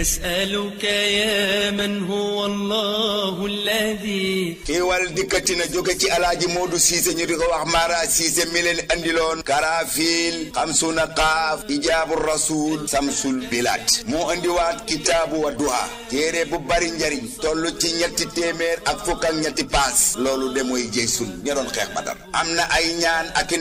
نسألك يا من هو الله الذي xiiwal dikkati na joge ci alaaji Modou Cissé ñu di ko wax Mara Cissé mi leen andiloon karaafil xamsuna xaaf ijaabu rasul samsul bilaat moo andiwaat kitaabu wa duha téere bu bari njariñ toll ci ñetti téeméer ak fukk ak ñetti paas loolu de mooy jëy sun ña xeex badar am na ay ñaan ak i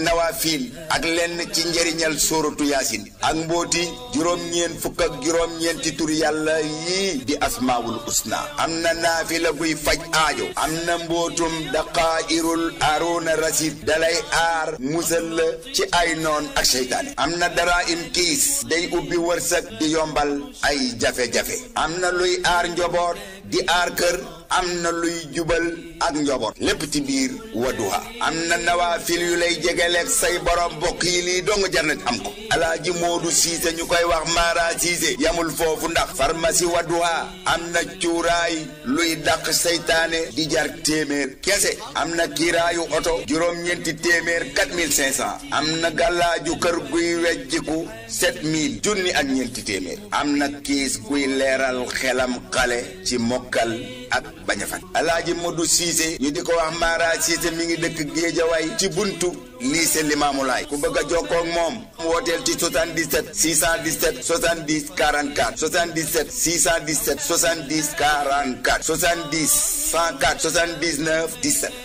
ak lenn ci njariñal sóoratu yaasin ak mbóoti juróom-ñeen fukk ak juróom-ñeenti turi yàlla yii di asmaawul usna am na naafila buy faj aajo am na mbootum daqaa'irul aruuna rasid dalay aar musal la ci ay noon ak seytaane am na dara im kiis day ubbi wërsëg di yombal ay jafe-jafe am na luy aar njoboot di aar kër am na luy jubal ak njaboot lépp ci biir Wadduha am na nawaafil yu lay jegeleeg say borom mbokk yi lii dong jar am ko alaaji Moodu Siise ñu koy wax Mara Siise yamul foofu ndax pharmacie Wadduha am na cuuraay luy daq seytaane di jar téeméer kese am na kiiraayu oto juróom-ñeenti téeméer 4500 am na gàllaaju kër guy wejjiku 7000 junni ak ñeenti téeméer am na kiis guy leeral xelam xale ci mokkal ak bañ a ñu di ko wax Mara Cissé mi ngi dëkk Géejawaay ci buntu lycée Limaamulaay ku bëgg a jokkoo ak moom wooteel ci 77 617 70 44 77 617 70 44 70 104 79 17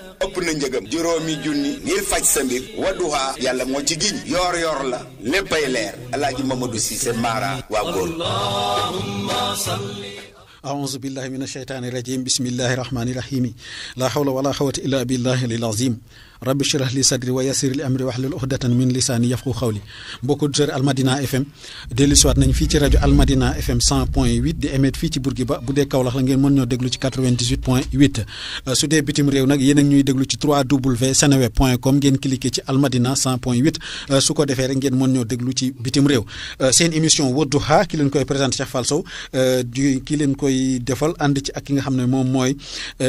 ëpp na njëgam juróomi junni ngir faj sa mbir Wadduha yàlla moo ci giñ yoor yoor la léppay leer alaaji Mamadou Cissé Mara waa góor aouzu billahi min asheytaani rajim bismillahi rahmaani rahimi laa hawla wala xawata illa billahi lil azim rabbi shrah li sadri wa yassir li amri hlul uhdatan min lisaani yafqu xawli mbokku al Almadina FM deli swat nañ fi ci al Almadina FM 100.8 di emet fi ci Bourguiba bu dee Kaolack la ngeen mën ñoo déglu ci 98.8 su dé bitim rew nak yéen ak ñuy déglu ci 3w ngeen cliquer ci Almadina madina 100.8 su ko défé rek ngeen mën ñoo déglu ci bitim rew seen émission Wadduha ki leen koy présenter Cheikh Fall Sow di ki leen koy defal ànd ci ak ki nga xamné mom moy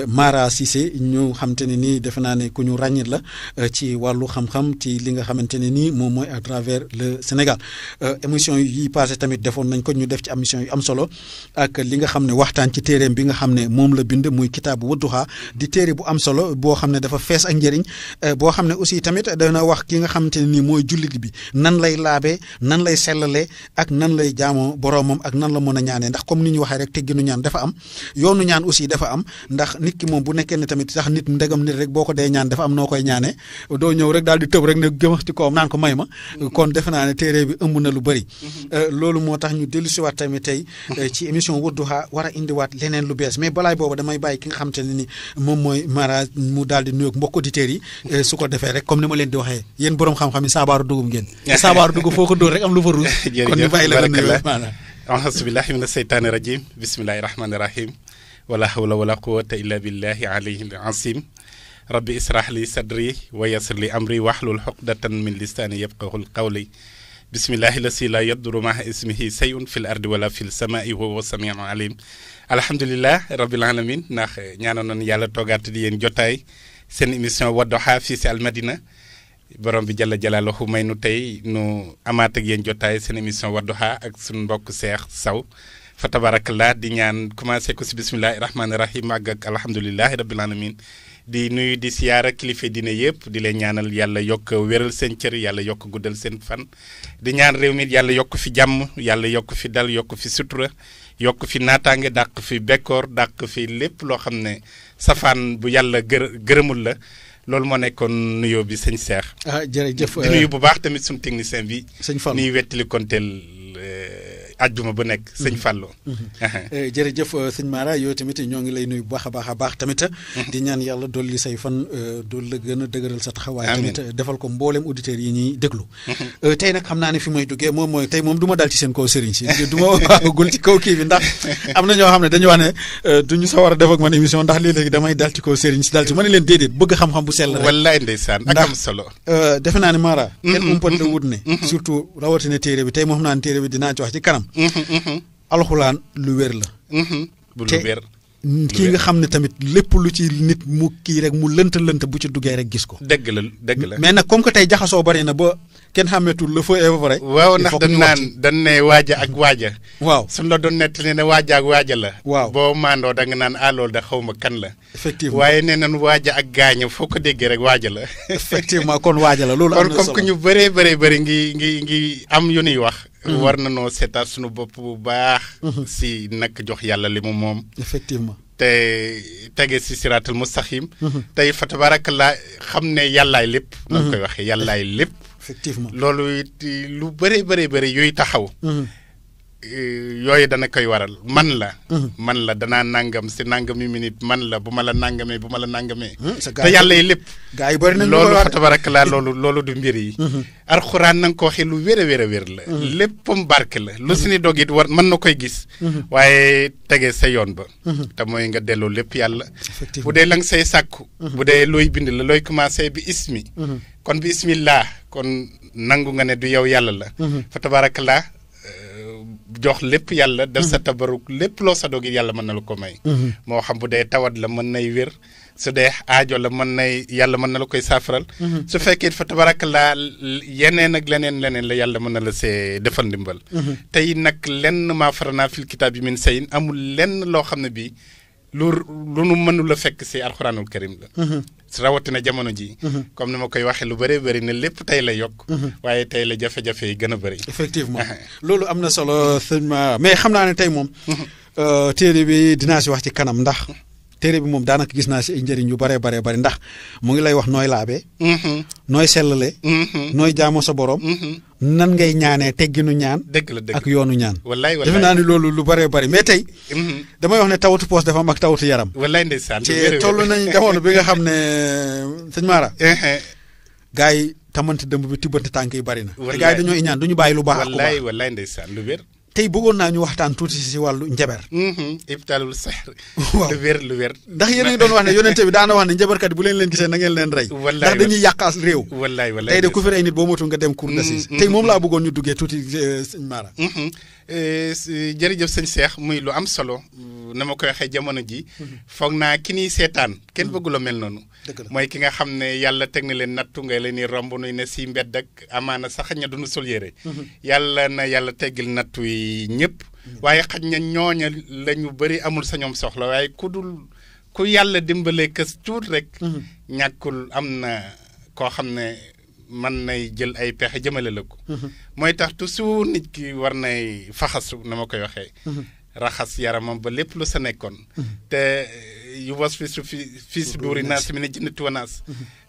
Mara Cissé ñu xam te ne ne ku ñu ragnit la Euh, ci wàllu xam-xam ci li nga xamante ne nii moom mooy à travers le Sénégal euh, émission yi passé tamit defoon nañ ko ñu def ci émission yi am solo ak li nga xam ne waxtaan ci téeréem bi nga xam ne moom la bind muy kitaabu Wadduha di téere bu am solo boo xam ne dafa fees ak njëriñ euh, boo xam ne aussi tamit dana wax ki nga xamante ne nii mooy jullit bi nan lay laabee nan lay sellalee ak nan lay jaamoo boroomam ak nan la mën a ñaanee ndax comme ni ñu waxee rek tegginu ñaan dafa am yoonu ñaan aussi dafa am ndax nit ki moom ne tamit sax nit ndegam nit rek boo ko ñaane doo ñëw rek daal di tëb rek ne gëmax ci kawam naan ko may ma kon defe naa ne téere bi ëmb na lu bëri mhm. euh, loolu moo tax ñu dellu siwaat tamit tey euh, ci émission Wadduha war a indiwaat leneen lu bees mais balaay boobu damay bàyyi ki nga xam te ni moom mooy Mara mu daal di nuyoog mbokk auditeurs yi euh, su ko defee rek comme ni ma leen di waxee yéen borom xam-xam yi saabaaru dugub ngeen saabaaru dugub foo ko dóor rek am lu fa ruus kon ñu bàyyi la nga nuyoo maanaam ahasubillahi min rabbi israh li sadri wa yassir li amri wahlul uqdatan min lisaani yafqahul qawli bismillahi lasi la yaduru maha ismihi sayun fil ardi wala fil samai wa huwa samiun alim alhamdulilah rabbil alamin ndax ñaanoon nañu yàlla toogaat di yéen jotaay seen émission Wadduha fii si almadina borom bi jalla jalaaluhu may nu tey nu amaat ak yéen jotaay seen émission Wadduha ak suñu mbokk Cheikh Sow fa tabarakallah di ñaan commencé ko si bismillahi rahmaani rahim àgg ak alhamdulilahi rabbil alamin di nuyu di siyaara kilifa dina yëpp di leen ñaanal yàlla yokk wéral seen cër yàlla yokk guddal seen fan di ñaan réew mi yàlla yokk fi jàmm yàlla yokk fi dal yokk fi sutura yokk fi naataange dàq fi bekkoor dàq fi lépp loo xam ne safaan bu yàlla gër gërëmul la loolu moo nekkoon nuyoo bi sëñ Cheikh. ah jërëjëf di nuyu euh, bu baax tamit suñu technicien bi. sëñ Fall ajjuma bu nekk sëñ Fallou. Eh, jëf euh, sëñ Mara yow tamit ñoo ngi lay nuy bu baax baax baax tamit. Euh, mhm. di ñaan yàlla dool dolli say fan euh, dool la gën a dëgëral sa taxawaay. tamit defal ko mboolem auditeurs yi ñuy déglu. Mhm. tey nag xam naa ne fi may duggee moom mooy tey moom du ma dal ci seen kaw sëriñ si du ma waagul ci kaw kii bi ndax am na ñoo xam ne dañu wax ne duñu sa war a def ak man émission ndax léeg-léeg damay dal ci kaw sëriñ si dal ci ma ne leen déedéet bëgg bu sell rek. wallaay ne Mara. kenn mhm, umpante wut ne. surtout rawatina bi tey moom naa ne dinaa ci wax ci kanam Mm-hmm, mm-hmm. alxuraan lu wér la. Mm-hmm. bu lu wér kii nga xam ne tamit lépp lu ci nit mu kii rek mu lënt lënt bu ci duggee rek gis ko. dëgg la dëgg la mais nag comme que tey jaxasoo bari na ba kenn xàmmeetul la feu est vrai. waaw ndax dañ naan dañ ne waaja ak waaja. waaw suñ la doon nettali ne waaja ak waaja la. waaw boo maandoo da nga naan ah loolu da xaw ma kan la. effectivement waaye nee nañ waaja ak gaaña foo ko déggee rek waaja la. effectivement kon waaja la loolu am bëree bëri bëri ngi ngi ngi am yu nuy wax. Mm-hmm. war na noo seetaat sunu bopp bu baax. Mm-hmm. si nag jox yàlla li mu moom. effectivement te tege si siraatal mustaxim. Mm-hmm. tey fa la xam ne yàllaay lépp. na koy waxee yàllaay lépp. effectivement loolu lu bëree bëri bëri yooyu taxaw. Eh, yooyu dana koy waral man la. Mhm. man la danaa nangam si nangami minute man la bu ma la nangamee bu ma la nangamee. Mhm, te yàlla yi lépp. gars yi bëri nañ loolu fa tabaraka laa loolu du mbir yi. Mhm. alxuraan na ko waxee lu wér a wér a wér la. léppam barke la lu si ni dog it war mën na koy gis. waaye tege sa yoon ba. te mooy nga delloo lépp yàlla. bu dee la nga say sàkku. bu dee looy bind la looy commencé bi ismi. kon bi ismillah kon nangu nga ne du yow yàlla la. fa tabaraka laa jox lépp yàlla def sa mhm. tabaruk lépp loo sa doog yàlla mën na la ko may mhm. moo xam bu dee tawat la mën nay wér su dee aajo la mën nay yàlla mën na la koy saafaral mhm. su fekkee fa tabarak laa yeneen ak leneen leneen la yàlla mën na la see defal ndimbal tey nag lenn maa faranaa fil kitaab bi min sayin amul lenn loo xam ne bii lu lu nu mënula fekk si alxuraanul karim la rawatina jamono ji mhm. comme ni ma koy waxee lu bëri bëri na lépp tey la yokk mhm. waaye tey la jafe-jafe yi gën a bëri effectivement loolu am na solo sëñ mais xam naa ne tey moom mhm. euh, téere bi dinaa si wax ci kanam ndax téere bi moom daanaka gis naa si njëriñ yu baree baree bari ndax mu ngi lay wax nooy laabe mm-hmm. nooy sellale mm-hmm. nooy jaamoo sa borom mm-hmm. nan ngay ñaanee tegginu ñaan dëgg la ak yoonu ñaan wallaay wallaay defe naa ni loolu lu baree bari mais tey damay wax ne tawatu poos dafa ak tawatu yaram wallaay ndeysaan ci toll nañ jamono bi nga xam ne sëñ Mara gars yi tamante dëmb bi tibbante tànk yi bari na te gars yi dañoo iñaan du ñu bàyyi lu baax wallaay wallaay ndeysaan lu wér tey bëggoon naa ñu waxtaan tuuti si wàllu njabar. Mm-hmm. ibtaalul sehr. waaw lu wér lu wér. ndax yéen a ngi doon wax ne yonente bi daana wax ne njabarkat yi bu leen leen gisee na ngeen leen rey. wallaay ndax dañuy yàqaas réew. wallaay wallaay tey de ku fi boo motul nga dem cour d'assises. Mm-hmm. tey moom laa mm-hmm. bëggoon ñu duggee tuuti euh, sëñ Eh, jërëjëf sañ seex muy lu am solo mm, na ma koy waxee jamono ji mm-hmm. foog naa ki niy seetaan kenn mm-hmm. bëggula mel noonu mooy ki nga xam ne yàlla teg na leen nattu nga leen ni romb nuy ne si mbedd ak amaana sax ña duñu sol yére mm-hmm. yàlla na yàlla teggil nattu yi ñëpp waaye xaj na ñooña la ñu bëri amul sa ñoom soxla waaye ku dul ku yàlla dimbalee kës tuut rek ñàkkul am na koo xam ne man nay jël ay pexe jëmale la ko. Mhm. mooy tax toujours nit ki war nay faxasu na ma koy waxee. Mhm. raxas yaramam ba lépp lu sa nekkoon. Mhm. te eh, yu was fi su fi fii si duuri naas mi ne jëndati wanaas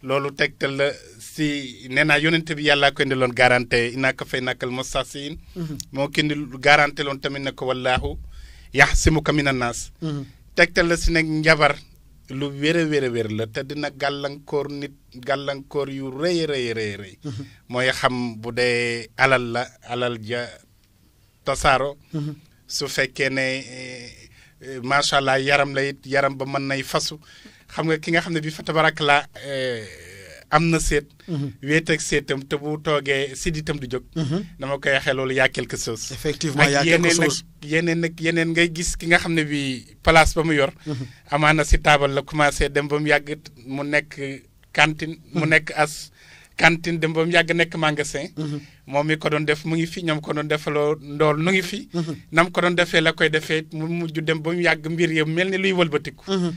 loolu tegtal la si nee naa yonent bi yàllaa ko indiloon garanté inaa ko fay nakal mustahziin moo ko indi garante loon tamit ne ko wallaahu yaxsimuka mina naas. tegtal la si nekk njabar lu wér a wér a la te dina gàllankoor nit gàllankoor yu rëy rëy rëy mhm. mooy xam bu dee alal la alal ja tasaaro mhm. su fekkee ne eh, eh, macha allah yaram la yaram ba mën nay fasu xam nga ki nga xam ne bi fa tabarak la eh, am na seet. Mhm. wéet ak seetam te bu toogee si itam du jóg. Mhm. dama koy waxee loolu yaa quelque chose. effectivement yaa quelque chose ak yeneen nag yeneen ngay gis ki nga xam ne bii place ba mu yor. Mhm. amaana si taabal la commencé dem ba mu yàgg mu nekk kantin mu nekk as. cantine dem ba mu yàgg nekk magasin. Mhm. moom mi ko doon def mu ngi fi ñoom ko doon defaloo ndool nu ngi fi. Mhm. nam ko doon defee la koy defee mu mujj dem ba mu yàgg mbir yëpp mel ni luy wëlbatiku. Mhm.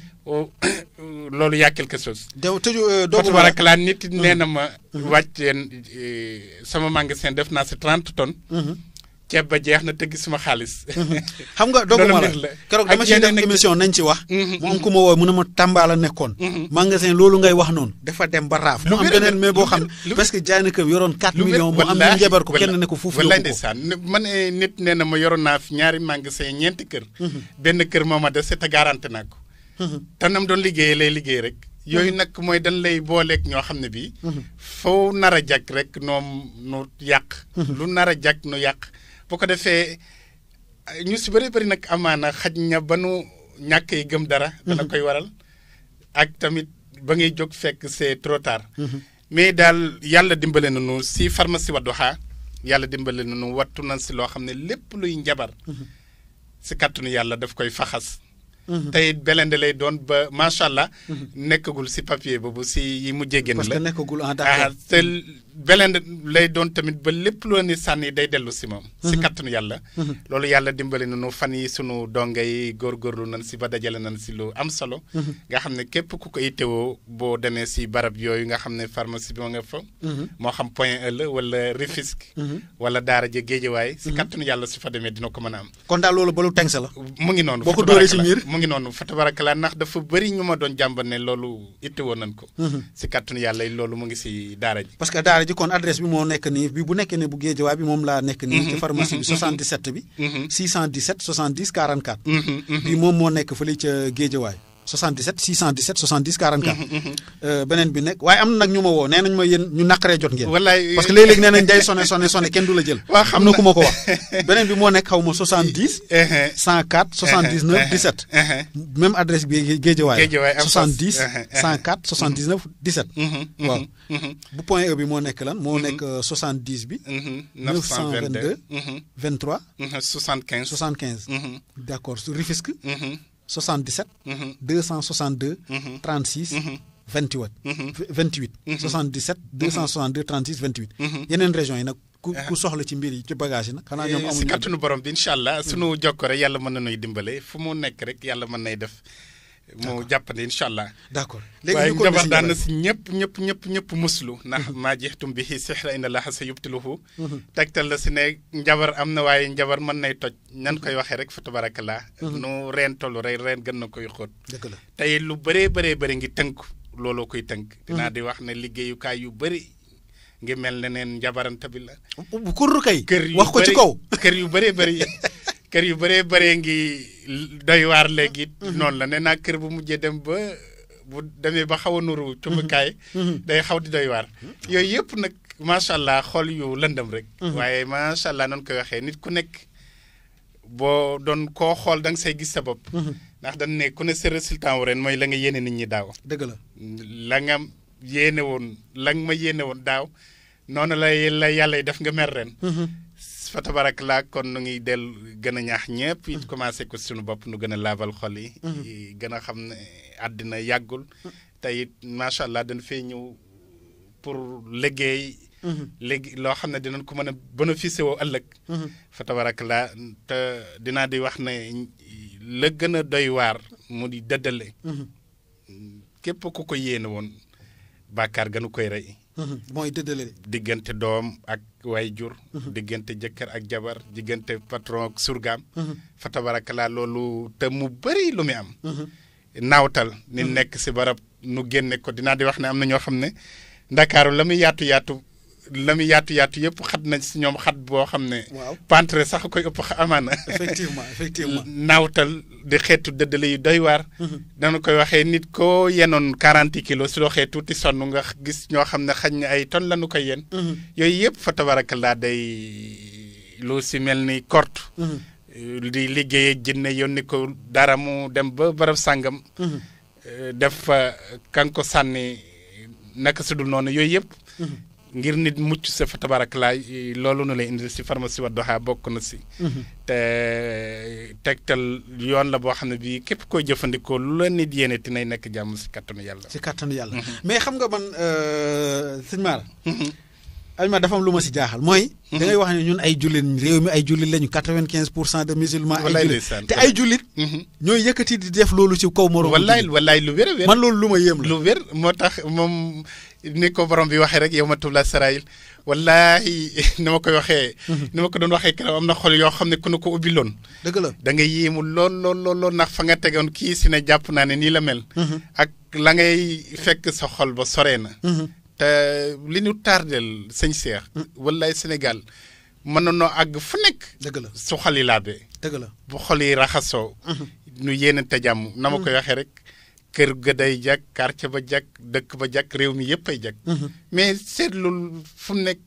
loolu yaa quelque chose. déw tëju euh, doomu ba laa nit nee na ma. wàccee euh, sama magasin def naa si trente tonnes. ceeb ba jeex na te gisuma xaalis. Mhm. xam nga dogguma la keroog dama ci def émission nañ ci wax. Mhm. mu am ku ma woo mu ne ma Tamba la nekkoon. Mhm. magasin loolu ngay wax noonu. dafa dem ba raaf. mu am beneen mais boo xam parce que jaay na kër yoroon 4 millions. mu am ñu njabar ko ne nee na ma yoroon naa fi ñaari magasin ñeenti kër. benn kër moo ma te garanti naa ko. te nam doon liggéeyee lay liggéey rek. yooyu nag mooy dañ lay booleeg ñoo xam ne bii. foo nar a jag rek noom nu yàq. lu nar a jag nu yàq boo ko defee ñu si bari bëri nag amaana xaj ña ba nu ñàkkee gëm dara. Mhm. dana koy waral ak tamit ba ngay jóg fekk c'est trop mhm. mais daal yàlla dimbale na nu si pharmacie Wadduha yàlla dimbale nu wattu na si loo xam ne lépp luy njabar. Mhm. si kàttanu yàlla daf koy faxas. tey belende lay doon ba macha allah. nekkagul si papier boobu si yi mu jéggéen la parce que nekkagul en ah, belen lay doon tamit ba lépp loo ni sànni day dellu si moom si mhm. kattanu yàlla mhm. loolu yàlla dimbali nanu fan yi sunu donga yi góorgóorlu nan si ba dajale nan si lu am solo mhm. nga xam ne képp ku ko itewoo boo demee si barab yooyu nga xam ne pharmacie bi ma nga fa moo xam Point E la wala Rufisque wala daara ja géejawaay si kattanu yàlla su fa demee dina ko mën a am kon daal loolu ba teng sa la mu ngi noonu boo ko dóoree si miir mu ngi noonu ndax dafa bëri ñu ma doon ne loolu itewoo nan ko si kattanu yàlla loolu mu ngi si daara ji ji kon adresse bi moo nekk nii bi bu nekkee ne bu Géejawaay bi moom laa nekk nii. Mhm, ci pharmacie bi 77 mhm, bi. 617 70 44. bi moom moo nekk fële ca Géejawaay. 77 617 70 44. beneen bi nekk waaye am na nag ñu ma woo nee nañ ma yéen ñu naqaree jot ngeen. wallaay parce que léeg-léeg nee nañ day sonné sonné sonné kenn du la jël. am na ku ma ko wax. beneen bi moo nekk xaw ma 70. 104 79 17. même adresse bi Géejawaay. Géejawaay uh-huh. Uh-huh. Mm-hmm, mm-hmm, waaw mm-hmm. bu point E bi moo nekk lan moo nekk 70 euh, bi. 922 23. 75 75. d' accord su Rufisque. 77. 262. 36. 28. 28. 77 262 36 28. yeneen régions yi nag. ku eh. ku soxla ci mbir yi ci bagage yi nag. xanaa ñoom eh, amuñu si borom bi incha allah. Hmm. sunu jokkoo rek yàlla mën na nuy dimbale fu mu nekk rek yàlla mën nay def. moo jàppandi incha allah. d' accord léegi ñu ko waaye daan na si ñëpp ñëpp ñëpp ñëpp muslu. ndax maa jeextum bi xii sixra inna allaha sa yubtiluhu mhm. tegtal la si ne njabar am na waaye njabar mën na toj. nan koy waxee rek fa tabarakallah. Mhm. nu reen tollu rek reen gën na koy xóot. dëgg la tey lu bëree bëree bëri ngi tënk looloo koy tënk. Mhm. dinaa di wax na liggéeyukaay yu bëri. ngi mel ne neen njabarante bi la. bu kur kay. wax ko ci kaw kër yu bëri kër kër yu bëree bëree ngi doy waar léegi. Mhm. noonu la nee naa kër bu mujjee dem ba bu demee ba xaw a nuru. cumbukaay mhm. day xaw di doy waar. yooyu yëpp nag macha allah xol yu lëndëm rek. Mhm. waaye macha allah noonu koy waxee nit ku nekk boo doon koo xool da nga say gis sa bopp. ndax dañ ne ku ne sa résultat wu ren mooy la nga yéene nit ñi daaw. dëgg la nga yéene woon la nga ma yéene woon daaw noonu la la yàlla def nga mer ren. fa laa kon nu ngi dell gën a ñaax ñëpp yi mm-hmm. commencé ko sunu bopp nu gën a laabal xol yi mm-hmm. gën a xam ne àddina yàggul mm-hmm. te it macha allah dañ fee ñëw pour liggéey léegi loo xam ne dinañ ko mën a bénéficier woo ëllëg fa laa te dinaa di wax ne la gën a doy waar mu di dëddale képp ku ko yéene woon bàkkaar gënu koy rey Mm-hmm. mooy dëddale diggante doom ak way jur mm-hmm. diggante jëkkër ak jabar diggante patron ak surgaam mm-hmm. fa loolu te mu bëri lu mu am naawtal ni nekk si barab nu génne ko dinaa di wax ne am na ñoo xam ne ndakaaru la muy yaatu yaatu la muy yaatu yaatu yëpp xat nañ si ñoom xat boo xam ne. waaw pantre sax koy ëpp amaana. effectivement effectivement naawtal di xeetu dëddale yu doy waar. Mhm. dana koy waxee nit ko yenoon quarante kilos su loo xee tuuti sonn nga gis ñoo xam ne xañ na ay tonnes la ñu koy yen. Mhm. yooyu yëpp fa laa day lu si mel ni kort mhm. euh, di liggéey ak jinne yónni ko dara mu dem ba barab sàngam. Euh, def fa kan ko sànni naka sudul noonu yooyu yëpp. ngir nit mucc sa fa tabaarakalaay loolu nu lay indi si pharmacie Wadduha bokk na si. Mhm. te tegtal yoon la boo xam ne bii képp koy jëfandikoo lu la nit yéene te nay nekk jàmm si kattanu yàlla. si kattanu yàlla. Mhm. mais xam nga man euh, sëñ Mara. Mhm. Alima dafa lu ma si jaaxal mooy. da wax ne ñun ay jullit réew mi ay jullit lañu quatre-vingt-quinze pour cent de musulmans. ay jullit te ay jullit. ñooy yëkkati di def loolu ci kaw moroom. wallaay wallaay lu wér a wér man loolu lu ma yéem la. moo tax moom. ni ko borom bi waxee rek yow ma tubla sarail wallaahi ni ma koy waxee. Mhm. ni ma ko doon waxee keroog am na xol yoo xam ne ku nu ko ubbi loon. dëgg la da nga yéemu lool lool lool ndax fa nga tegoon kii si ne jàpp naa ne nii la mel. Mhm. ak la ngay fekk sa xol ba soree na. Mhm. te li ñu tardel sëñ Seex. wallaahi Sénégal mën na noo àgg fu nekk. la su xol yi la bu xol yi raxasoo. nu yéenante jàmm na ma koy waxee rek. kër ga day jag ba jag dëkk ba jag réew mi yëpp ay jag. Mhm. mais seetlul fu mu nekk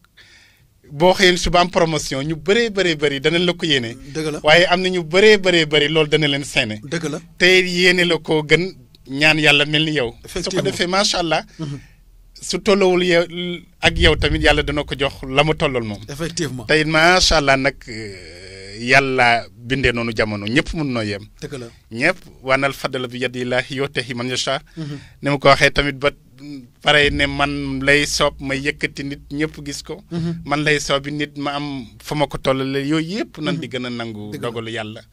boo xëyee suba am promotion ñu bëree bëree bëri danañ la ko yéene. dëgg la waaye am na ñu bëree bëree bëri loolu dana leen seene. dëgg la te yéene la ko gën ñaan yàlla mel ni yow. su ko defee macha allah. Mhm. su tollowul yow ak yow tamit yàlla dana ko jox la ma tollal moom. tey macha allah nag. Euh, yalla bindee noonu jamono ñëpp mun noo yem. dëgg la ñëpp wanal fadala bi yadillahi yootehi man yasha mhm. ni ko waxee tamit ba pare ne man lay soob ma yëkkati nit ñëpp gis ko. Mhm. man lay soobi nit ma am fa ma ko tollalee yooyu yëpp. nan di mhm. gën nangu. dogalu yàlla.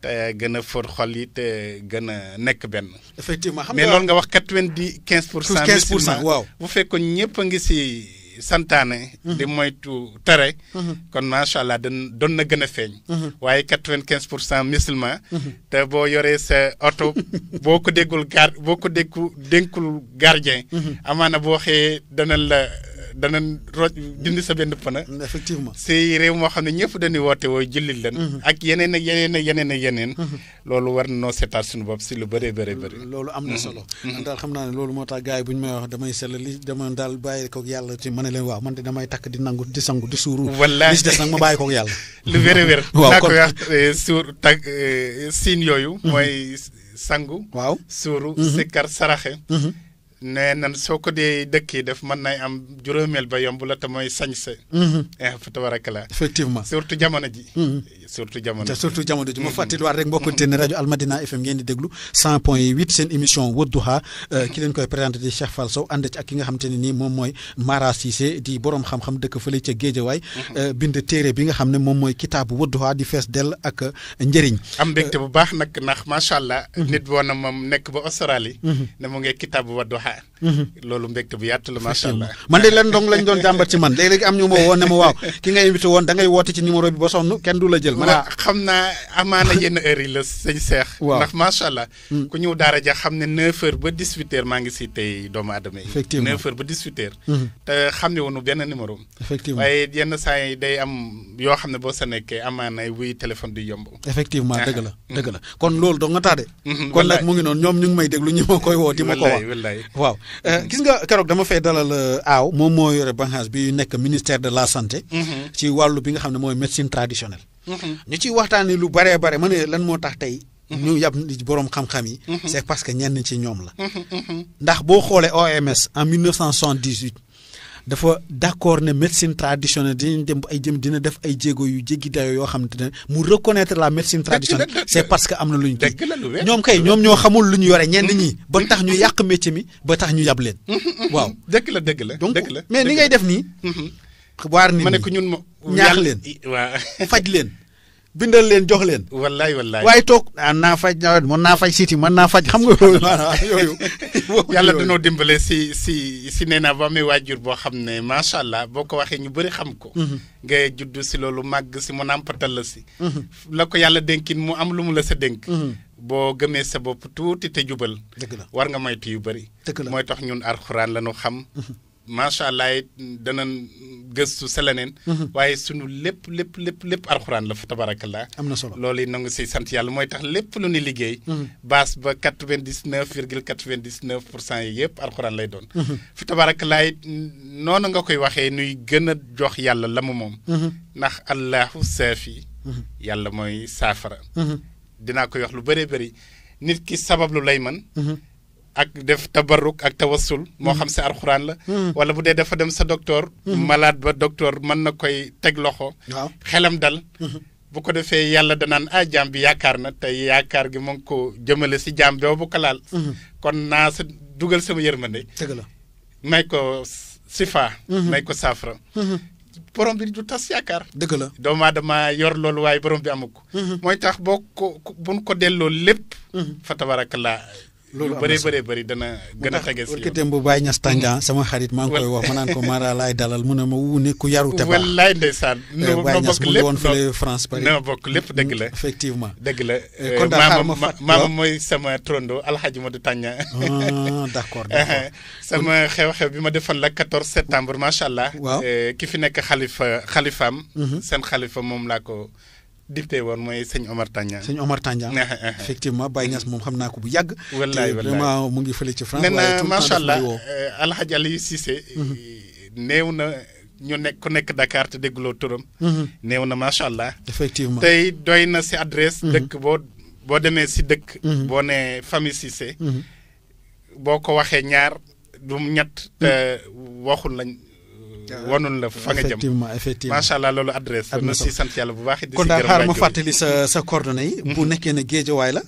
te gën a for xol yi te gën a nekk benn. effectivement xam nga mais loolu nga wax quatre vingt waaw bu fekkoon ñëpp ngi si. santaane. Mhm. di moytu tere. Mhm. kon macha allah dañ na gën a feeñ. Mhm. waaye quatre quinze pour cent musulman. te boo yoree sa oto boo ko déggul gar boo ko déggu dénkul gardien. amaana boo xëyee dana la. danañ roj dindi sa benn pana. effectivement si réew moo xam ne ñëpp dañuy woote woo jullit lan mm-hmm. ak yeneen ak yeneen ak yeneen ak yeneen. Mm-hmm. loolu war noo seetaat sunu bopp si lu bëree bëri bëri. loolu am na mm-hmm. solo. daal xam naa loolu moo tax gars yi bu ñu may wax damay sell li dama daal bàyyi ko yàlla ci ma ne takk di nangu di sangu di suuru. wallaahi li des nag ma bàyyi ko yàlla. lu wér a wér. waaw kon naa ko wax eh, suur tag eh, yooyu. mooy sangu. waaw suuru. sikkar saraxe. nee nan soo ko dee dëkk yi def mën nay am juróomeel ba yomb la te mooy sañse. Mhm. Eh, fa tabarakallah surtout jamono ji. Mhm. surtout jamono ji te surtout jamono ji. mu mhm. fàttaliwaat rek mbokkante ne rajo Almadina FM ngeen di déglu 100 point 8 seen émission Wadduha euh, ki leen koy présenté di Cheikh Fall Sow ànd ci ak ki nga xamante ne nii moom mooy Mara Cissé di borom xam-xam dëkk fële ca Géejawaay. Euh, bind téere bi nga xam ne moom mooy kitaabu Wadduha di fees dell ak euh, njëriñ. am mbégte bu baax nag ndax macha allah. nit boo na moom nekk ba Australie. ne loolu mbégte bu yàtt la macha allah man de leen dong lañ doon jàmbat ci man léeg-léeg am ñu ma woon ne ma waaw ki nga invité woon da woote ci numéro bi ba sonn kenn du la jël. man xam naa amaana yenn heure yi la sëñ Seex. ndax macha allah. Hmm. ku ñëw daara ja xam ne 9h ba 18 maa ngi si tey doomu aadama yi. effectivement 9h ba 18h. Hmm. te xam ne woonu benn numéro. effectivement waaye yenn saa yi day am yoo xam ne boo sa nekkee amaana wuy téléphone du yomb. effectivement dëgg la ah. la kon loolu dong nga taa de. Hmm. kon nag mu ngi ma koy woo di ma waaw euh, mhm. gis nga keroog dama fay dalal aaw euh, moom moo yore banqaas bi nekk ministère de la santé. Mhm. ci wàllu bi nga xam ne mooy médecine traditionnelle. Mhm. ñu ci waxtaanee lu bare bare ma ne lan moo tax tey. ñu yab borom xam-xam yi. c'est parce que ñenn ci ñoom la. ndax boo xoolee OMS en 1978. dafa d'accord ne médecine traditionnelle dinañ dem ay jëm dina def ay jéego yu jéggi dayo yoo xam te ne mu reconnaître la médecine traditionnelle c'est parce que am na lu ñu kii ñoom kay ñoom ñoo xamul lu ñu yore ñeen ñi ba tax ñu yàq métier mi ba tax ñu yab leen waaw dëgg la dëgg la donc mais ni ngay def nii waar ni ma ne ko ñun ñaax leen faj leen bindal leen jox leen. wallaay wallaay waaye toog. ah naa faj nawet mën naa faj siiti mën naa faj xam nga ah, yooyu yàlla danoo dimbale si si si nee naa ba amee waajur boo xam ne macha allah boo ko waxee ñu bëri xam ko. Mhm. nga judd si loolu màgg si mu nàmpatal la si. Mhm. la ko yàlla dénkin mu am lu mu la sa dénk. Mhm. boo gëmee sa bopp tuuti te jubal. war nga moytu yu bëri. mooy tax ñun alxuraan la ñu xam. macha allah it danañ gëstu leneen mhm. waaye sunu lépp lépp lépp lépp alxuraan la fa tabarakallah am na solo loolu it nangu si sant yàlla mooy tax lépp lu ñu liggéey. Mhm. baas ba quatre vingt dix neuf virgule quatre vingt dix neuf pour alxuraan lay doon. Mhm. fa tabarakallah it noonu nga koy waxee nuy gën jox yàlla la mu moom. ndax allahu saafi. yàlla mooy saafara. dinaa koy wax lu bëree bëri nit ki sabablu lay man ak def tabarruk ak tawassul moo xam mm. si alxuraan la mm. wala bu dee dafa dem sa docteur mm. malade ba docteur mën na koy teg loxo xelam dal mm-hmm. bu ko defee yàlla danaan a ah, jaam bi yaakaar na tey yaakaar gi mu ko jëmale si jaam bi bu ko laal mm-hmm. kon naa sa dugal sama yërmande dëgg la may ko sifa mm-hmm. may ko saafara borom bi du tas yaakaar. dëgg la doomu aadama yor loolu waaye borom bi amu mooy tax boo ko buñ ko delloo lépp. fa tabarakallaa loolu am bëri bëri bëri dana gën a tege si yow bu Baye Niass Tandian mm-hmm. sama xarit maa ngi koy wax ma naan ko Mara laay dalal mu ne ma wuune ku yaru te baax wallaay ndeysaan eh, Baye Niass mu ngi woon fële France Paris na bokk lépp dëgg la effectivement dëgg la eh, eh, kon daal ma fàtt maama mooy sama trondo Alhaji Modou Tandian ah, d' sama xew-xew bi ma defan la 14 septembre macha allah waaw ki fi nekk xalifa xalifaam mm-hmm. seen xalifa moom laa ko dicté woon mooy sëñ Omar Tandian. sëñ Omar Tandian effectivement Baye Niass moom xam naa ko bu yàgg. wallaay wallaay vraiment mu ngi fële ci France. waaye tout le temps euh, mhm. euh, na ñu nekk ku nekk Dakar te dégguloo turam. Mhm. néew na macha allah. effectivement tey doy na si adresse. Mhm. dëkk boo boo demee si dëkk. boo nee famille Cissé. boo ko waxee ñaar du ñett. te waxul lañ. wanoon la fa nga jëm effectivement effectivement macha allah loolu adresse. na si sant bu baax. di si kon daal xaar ma fàttali sa sa coordonnées yi. Mm-hmm. bu nekkee ne géejawaay la.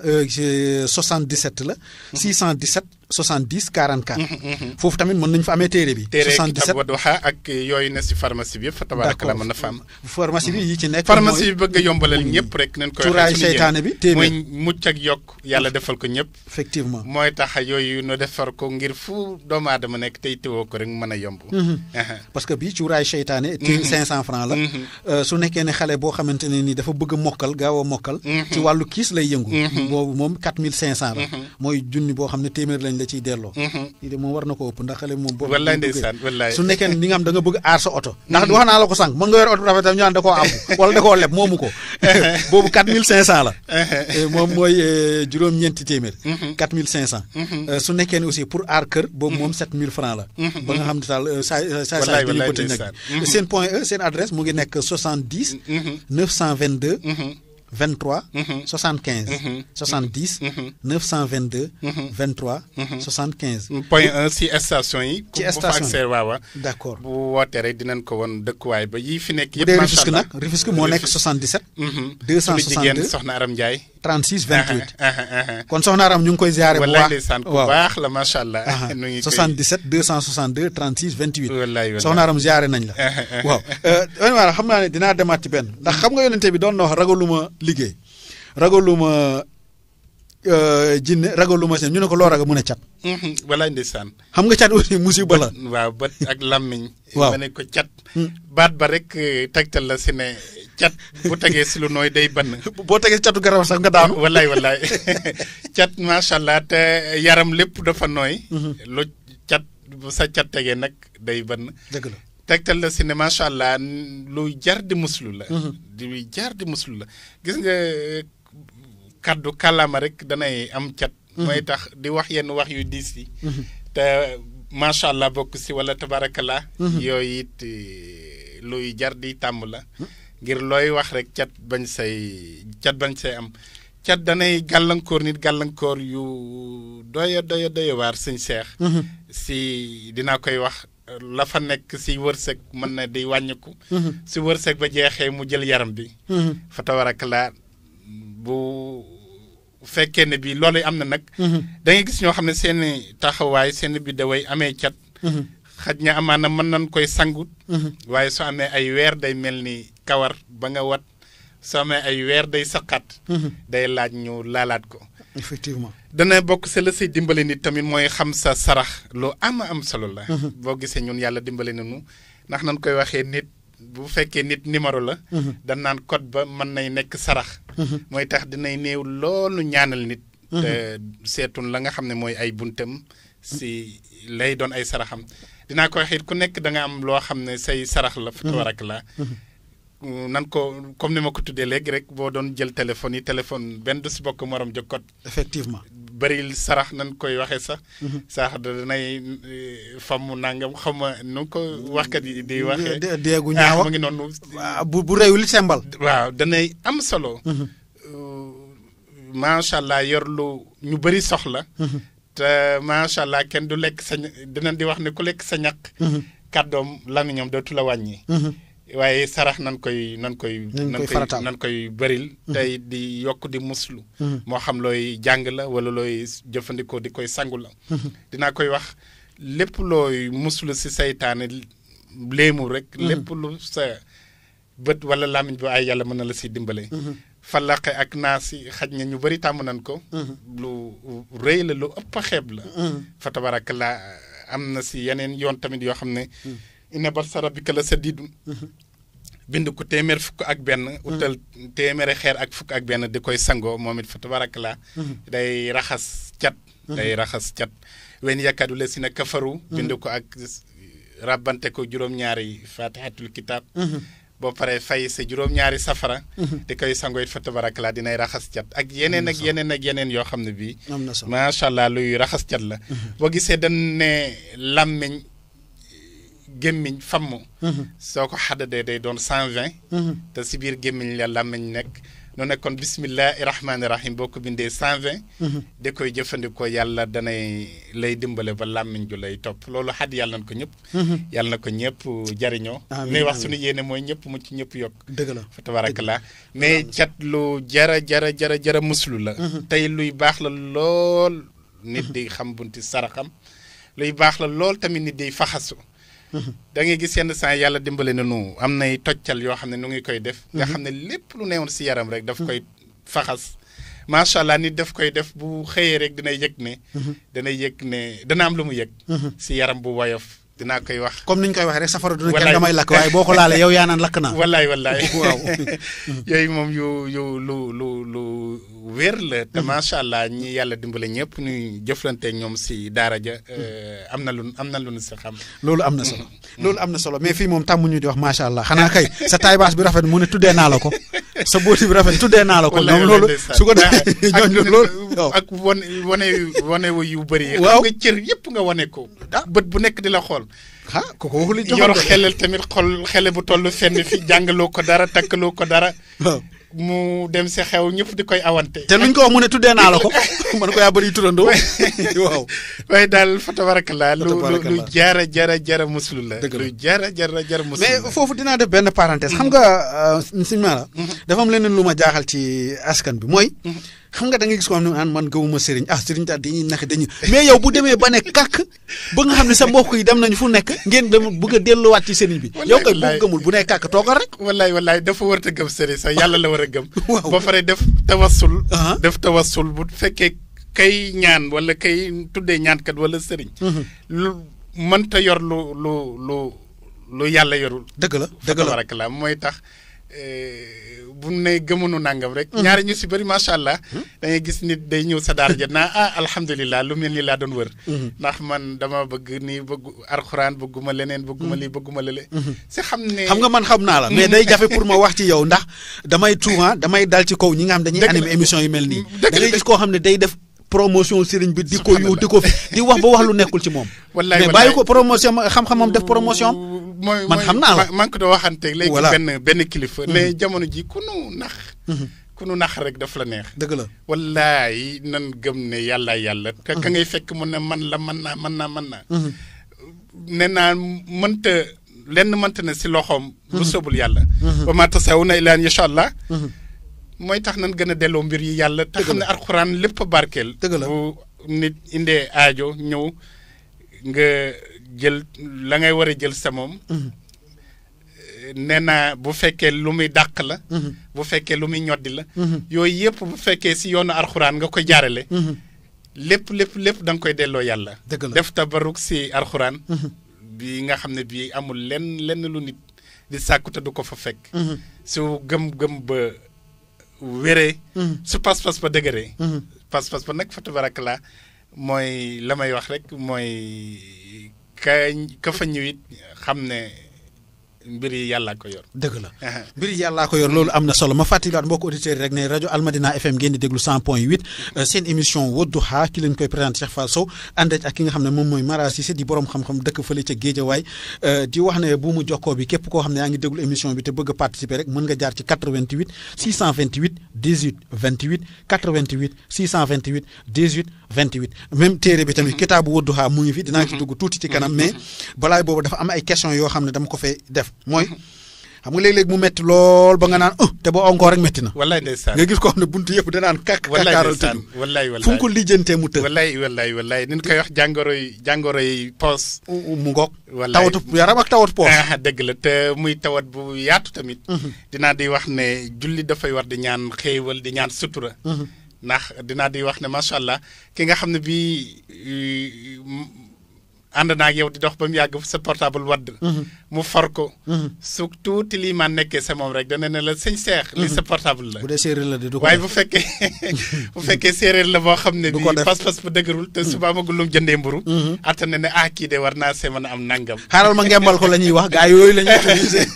77 euh, la. 617. Mm-hmm. 70 44. Mm-hmm, mm-hmm. foofu tamit mën nañu fa amee téere bi. 77 téere Wadduha ak yooyu ne si pharmacie bi yëpp fa tabaarakala mën na fa pharmacie bi yi ci nekk. pharmacie bi bëgg a yombalal ñëpp rek. nañ koy waxee ci seytaane bi téere mooy mucc ak yokk yàlla defal ko ñëpp. effectivement mooy tax yooyu nu defar ko ngir fu doomu aadama nekk tey teewoo ko rek mën a yomb. Mm-hmm. parce que bii cuuraay seytaane. téere 500 francs la. Euh, su nekkee ne xale boo xamante ne ni dafa bëgg a mokkal gaaw a ci wàllu kiis lay yëngu. boobu moom 4500 la. mooy junni boo xam ne lañ la ciy delloo mhm. lii de moom war na ko ëpp ndax xale moom boobu wallaay ndeysaan wallaay su nekkee ni nga xam da bëgg aar sa oto mhm. ndax wax naa la ko sànq mën nga yor oto rafet tam ñu naan da koo am wala da koo leb moomu ko boobu quatre mille cinq cent la mhm. eh, moom mooy eh, juróom-ñeenti téeméer quatre mille cinq cent eh, su nekkee ni aussi pour aar kër boobu moom sept mille francs la ba nga xam ne daal saa saa saa duñu ko ti nag seen point e seen adresse mu ngi nekk soixante dix neuf cent vingt 23. 75. 70. 922. 23. 75. point 1 si station yi. ci station yi waaw d' accord bu wootee rek dinañ ko woon dëkkuwaay ba yii fi nekk yëpp. macha allah bu dee Rufisque nag Rufisque moo nekk 77. 262 suñu jigéen Soxna Aram 36 28. kon soxna Aram ñu ngi koy ziare. bu baax wallaay ndeysaan ku baax la macha allah. nu ngi koy 77 262 36 28. nañ la. waaw man euh, maanaam xam naa ne dinaa demaat ci benn ndax xam nga yonente bi doon na wax ragaluma liggéey ragaluma euh, jinne ragaluma seen ñu ne ko loo ragal mu ne cat. Mhm. wallaay ndeysaan. xam nga cat aussi musiba la. waaw bët ak làmmiñ. waaw ne ko cat. Hmm. baat ba rek euh, tegtal la si ne. cat bu tegee si lu nooy day bann boo tegee catu garab sax nga daanu. wallaay wallaay cat macha allah te yaram lépp dafa nooy. Mhm. lu cat bu sa cat tegee nag day bann. dëgg la tegtal la si ne macha allah lu jar di muslu la. Mhm. lu jar la gis nga kaddu kàllaama rek danay am cat. Mhm. mooy tax di wax yenn wax yu diis yi. te macha allah bokk si wala tabarakallah. yooyu it eh, luy jar di tàmm la. ngir looy wax rek cat bañ say cat bañ say am cat danay gàllankoor nit gàllankoor yu doya doya doya waar seex mhm. si dinaa koy wax la fa nekk si wërsëg mën na di wàññiku mhm. si wërsëg ba jeexee mu jël yaram bi mhm. fa tawarak la bu fekkee ne bii loolu am na nag da ngay gis ñoo xam ne seeni taxawaay seeni bi daway amee cat xaj na amaana mën nañ koy sangut waaye su amee ay weer day mel ni kawar ba nga wat somé ay wèr day saqat mhm. day laaj ñu laalat ko effectivement dana bok si le sey dimbalé nit tamit moy xam sa sarax lo am am solo la mhm. bo gisé ñun yalla dimbalé nañu nak nan koy waxé nit bu nit numéro la mhm. dan nan code ba man nay sarah. sarax moy tax dinay new loolu ñaanal nit te setun la nga ne ay buntam si lay doon ay saraxam dina ko xit ku nek da nga am lo xamne say sarax la fa la nan ko comme ni ma ko tuddee léegi rek boo doon jël téléphone yi téléphone benn du si bokk morom jokkoot. effectivement bëril sarax nan koy waxee sax. Mhm. sarax danay eh, famu nangam xam ma nu ko waxkat yi di waxee. déegu ñaaw ah, mu ngi noonu. Ah, bu bu réew li sembal. waaw danay am solo. Mhm. Euh, macha allah yor lu ñu bëri soxla. Mhm. te macha allah kenn du lekk sa dinañ di wax ne ku lekk sa ñaq. kàddoom lamiñam dootu la wàññi. waaye sarax nan koy nan koy. nan koy nan koy bari mhm. tey di yokk di muslu. Mhm. moo xam looy jàng la wala looy jëfandikoo di koy sangu la. Mhm. dinaa koy wax lépp looy muslu si seytaane léemul rek. lépp lu sa bët wala làmmiñ bu ay yàlla mën na la si dimbale. falaqe ak naa si xaj na ñu bari tàmm nañ ko. lu rëy la lu ëpp xeeb la. fa tabaraka la am na si yeneen yoon tamit yoo xam ne. inna batsha rabbika la sadidun bind ko téeméer fukk ak benn utal téeméeri xeer ak fukk ak benn di koy sangoo moom it fa la day raxas cat day raxas cat wen yakadu la si na kafaru bind ko ak ràbbante ko juróom-ñaari fatihatul kitab boo paree fay sa juróom-ñaari safara. di koy sango it fa tabarakalaa dinay raxas cat ak yeneen ak yeneen ak yeneen yoo xam ne bii. am na solo allah luy raxas cat la. boo gisee dañ ne làmmiñ gémmiñ famm mhm. soo ko xaddadee day doon cent vingt mhm. te si biir gémmiñ la làmmiñ nekk nu nekkoon bismillahi rahmaani rahim boo ko bindee cent vingt mhm. da koy jëfandikoo yàlla danay lay dimbale ba làmmiñ ju lay topp loolu xadd yàlla na ko ñëpp yàlla na ko ñëpp jariñoo nuy wax suñu yéene mooy ñëpp mucc ñëpp yokk dëgg la fa tabarakallah mais cat lu jara jara jara muslu la tey luy baax la lool nit di xam bunti saraxam luy baax la lool tamit nit di faxasu da ngay gis yenn saa yàlla dimbale na nu am nay toccal yoo xam ne nu ngi koy def. Mhm. nga xam ne lépp lu newoon si yaram rek. daf mhm. koy faxas. macha allah nit daf koy def bu xëyee rek dina yëg ne. Mhm. dana yëg ne dana am lu mu yëg. si yaram bu woyof. dinaa koy wax comme ni ñu koy waxee rek safara duna kenn damay lakk waaye boo ko laalee yow yaa naan lakk naa. wallaay wallaay waaw. yooyu moom yu yu lu lu lu wér la mhm. te macha allah ñi yàlla dimbale ñëpp ñu jëflanteeg ñoom si daara ja mhm. eh, am na lu am na lu nu si xam. loolu am na solo. Mhm. loolu am na solo mais fii moom tàmm ñu di wax macha allah xanaa kay sa taay baas bi rafet mu ne tuddee naa la ko sa booti bi rafet tuddee naa la ko. ñoom loolu su ko defee ah, ñooñu loolu. wane wane wane yu bëri. yëpp nga wane ko. Ah. bët bu nekk di la xool. ah kooku waxul yor xelal tamit xol xele bu toll fenn fi jàngaloo ko dara takkaloo ko dara. mu dem si xew ñëpp di koy awante. te luñ ko wax mu ne tuddee naa la ko man ko yaa bëri turandoo waaw. waaye daal fa tabarakallah lu lu jara jara jara muslu la. lu jara jara jara muslu la mais foofu dinaa def benn parenthèse. xam mhm. nga euh, sëñ Mara. Mhm. dafa am leneen lu ma jaaxal ci askan bi mooy. Mhm. xam nga da nga gis ko xam ne man gëmuma sëriñ ah sëriñ daal dañuy nax dañuy mais yow bu demee ba ne kàkk ba nga xam ne sa mbokk yi dem nañu fu nekk ngeen dem bëgg a delluwaat ci sëriñ bi yow kay bu gëmul bu ne kàkk toogal rek wallaay wallaay dafa war a gëm sëriñ sa yàlla la war a gëm waaw ba pare def tawassul uh-huh. def tawassul bu fekkee kay ñaan wala kay tuddee ñaankat wala sëriñ mm-hmm. lu mënta yor lu lu lu lu yàlla yorul dëgg la dëgg la mooy tax Eh, bu ne gëmunu nangam rek. Mm-hmm. ñaari ñu si bëri macha allah. Hmm? da gis nit day ñëw sa daal ja naa ah alhamdulilah lu mel ni laa doon wër. Mm-hmm. ndax man dama bëgg ni bëgg arxuraan bëgguma leneen. bëgguma lii mm-hmm. bëgguma lele si xam ne xam nga man xam naa la mais day jafe pour ma wax ci yow ndax damay tuuma damay dal ci kaw ñi nga xam dañuy animé émission yu mel nii. da ngay gis koo xam ne day def. promotion sëriñ bi di ko yu di ko fi di wax ba wax lu nekkul ci moom. wallaay mais bàyyi ko promotion xam-xamam def promotion. mooy man xam naa la man ko doon waxanteeg. léegi benn benn kilifa. ne mhm. jamono ji ku nu nax. Mhm. ku nu nax rek daf la neex. dëgg la wallaay nan gëm ne yàlla yàlla. ka mhm. ngay fekk mun ne man la man naa man naa mën naa. nee naa mënta lenn mënta na si loxoom. bu sobul yàlla. ba maa tasaawu na ilaa incha mooy tax nan gën a delloo mbir yi yàlla. te xam ne alxuraan lépp barkeel. dëgg la bu nit indee aajo ñëw nga jël la ngay war a jël sa moom. Mhm. nee naa bu fekkee lu muy dàq la. Mhm. bu fekkee lu muy ñoddi la. Mhm. yooyu yëpp bu fekkee si yoonu alxuraan nga koy jaarale. lépp lépp danga koy delloo yàlla. dëgg la def tabaruk si alxuraan. bi nga xam ne bii amul lenn lenn lu nit di sàkku te du ko fa fekk. su gëm gëm ba. wéree. Mm-hmm. su pas-pas ba dëgëree. Mm-hmm. pas-pas ba nag fa tabarakalaa mooy la may wax rek mooy ka ka fa ñëw xam ne. mbir yi yàllaa ko yor. dëgg la mbir yi yàllaa ko yor loolu am na solo ma fàttaliwaat mbokku auditeurs yi rek ne rajo Almadina FM ngeen di déglu 100.8 euh, seen émission Wadduha ki lañ koy présenté Cheikh Fall Sow ànd ak ki nga xam ne moom mooy Mara Cissé di borom xam-xam dëkk fële ca Géejawaay euh, di wax ne bu jokkoo bi képp koo xam ne yaa ngi déglu émission bi te bëgg a participer rek mën nga jaar ci 88 628 18 28 88 628 18. 28 même téere bi tamit mhm. kitaabu Wadduha mu ngi fi dinaa ci mhm. dugg tuuti ci kanam mhm. mais balaay boobu dafa ay question yoo xam ne dama ko fay def mooy xam nga léeg mu metti lool ba nga naan oh, te boo encore rek metti na. wallaay ndeysaan nga gis ko xam ne buntu yëpp danaan kàkk. wallaay ndeysaan wallaay wallaay fu mu ko lijjantee mu tëj. wallaay wallaay wallaay ni ñu koy wax jàngoro yi jàngoro yi poos. mu ngoog. wallaay tawatu yaram ak tawatu poos. Ah, la te muy tawat bu yaatu tamit. dinaa di wax ne julli dafay war di ñaan xéewal di ñaan sutura. ndax dinaa di wax ne macha allah ki nga xam ne bii euh, ànd naa ak yow di dox ba mu yàgg sa portable wadd mhm. mu for ko. Mhm. su tuuti lii maa nekkee sa moom rek dana ne la sëñ seex. li mhm. sa portable la bu dee séeréer la di du ko waaye bu fekkee bu fekkee séeréer la boo xam ne. du ko def pas-pas bu dëgërul te suba amagul lu mu mburu. atta ne ne ah kii de war naa see mën a am nangam. xaaral ma ngembal ko la ñuy wax gaa yooyu la ñuy utiliser.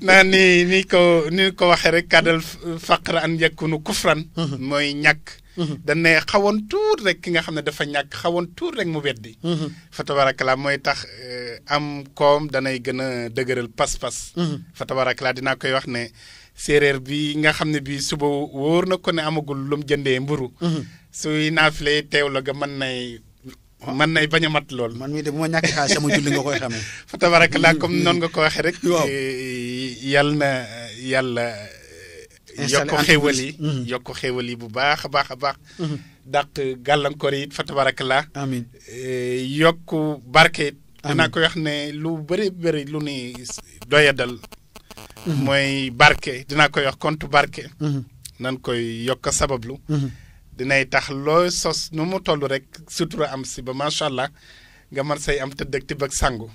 ni ni ko ni ko waxee rek kàddal faqra an yakunu kufran. mooy ñàkk. Mm-hmm. dañ ne xawoon tuut rek ki nga xam ne dafa ñàkk xawoon tuut rek mu weddi. Mm-hmm. fa tabarakalaa mooy tax eh, am koom danay gën a dëgëral pas-pas. Mm-hmm. fa tabarakalaa dinaa koy wax ne séeréer bi nga xam ne bi suba wóor na ko ne amagul lu mu jëndee mburu suy naafilee teew la ga nay. man nay bañ a mat lool. man mii de bu ma ñàkk xaalis sama julli nga koy xamee. fa tabarakalaa comme noonu nga ko waxee rek. Eh, yal na yàlla. yokk mm-hmm. ko bu baax a baax a baax mm-hmm. dàq gàllankoor yi fa tabarakallah amiin eh, yokk barke dinaa koy wax ne lu bëri bëri lu ni doyadal mm-hmm. mooy barke dinaa koy wax compte barke nan koy yokk sabablu dinay tax loo sos nu mu toll rek sutura am si ba macha allah nga mën say am tëdd ak tibb ak sangu.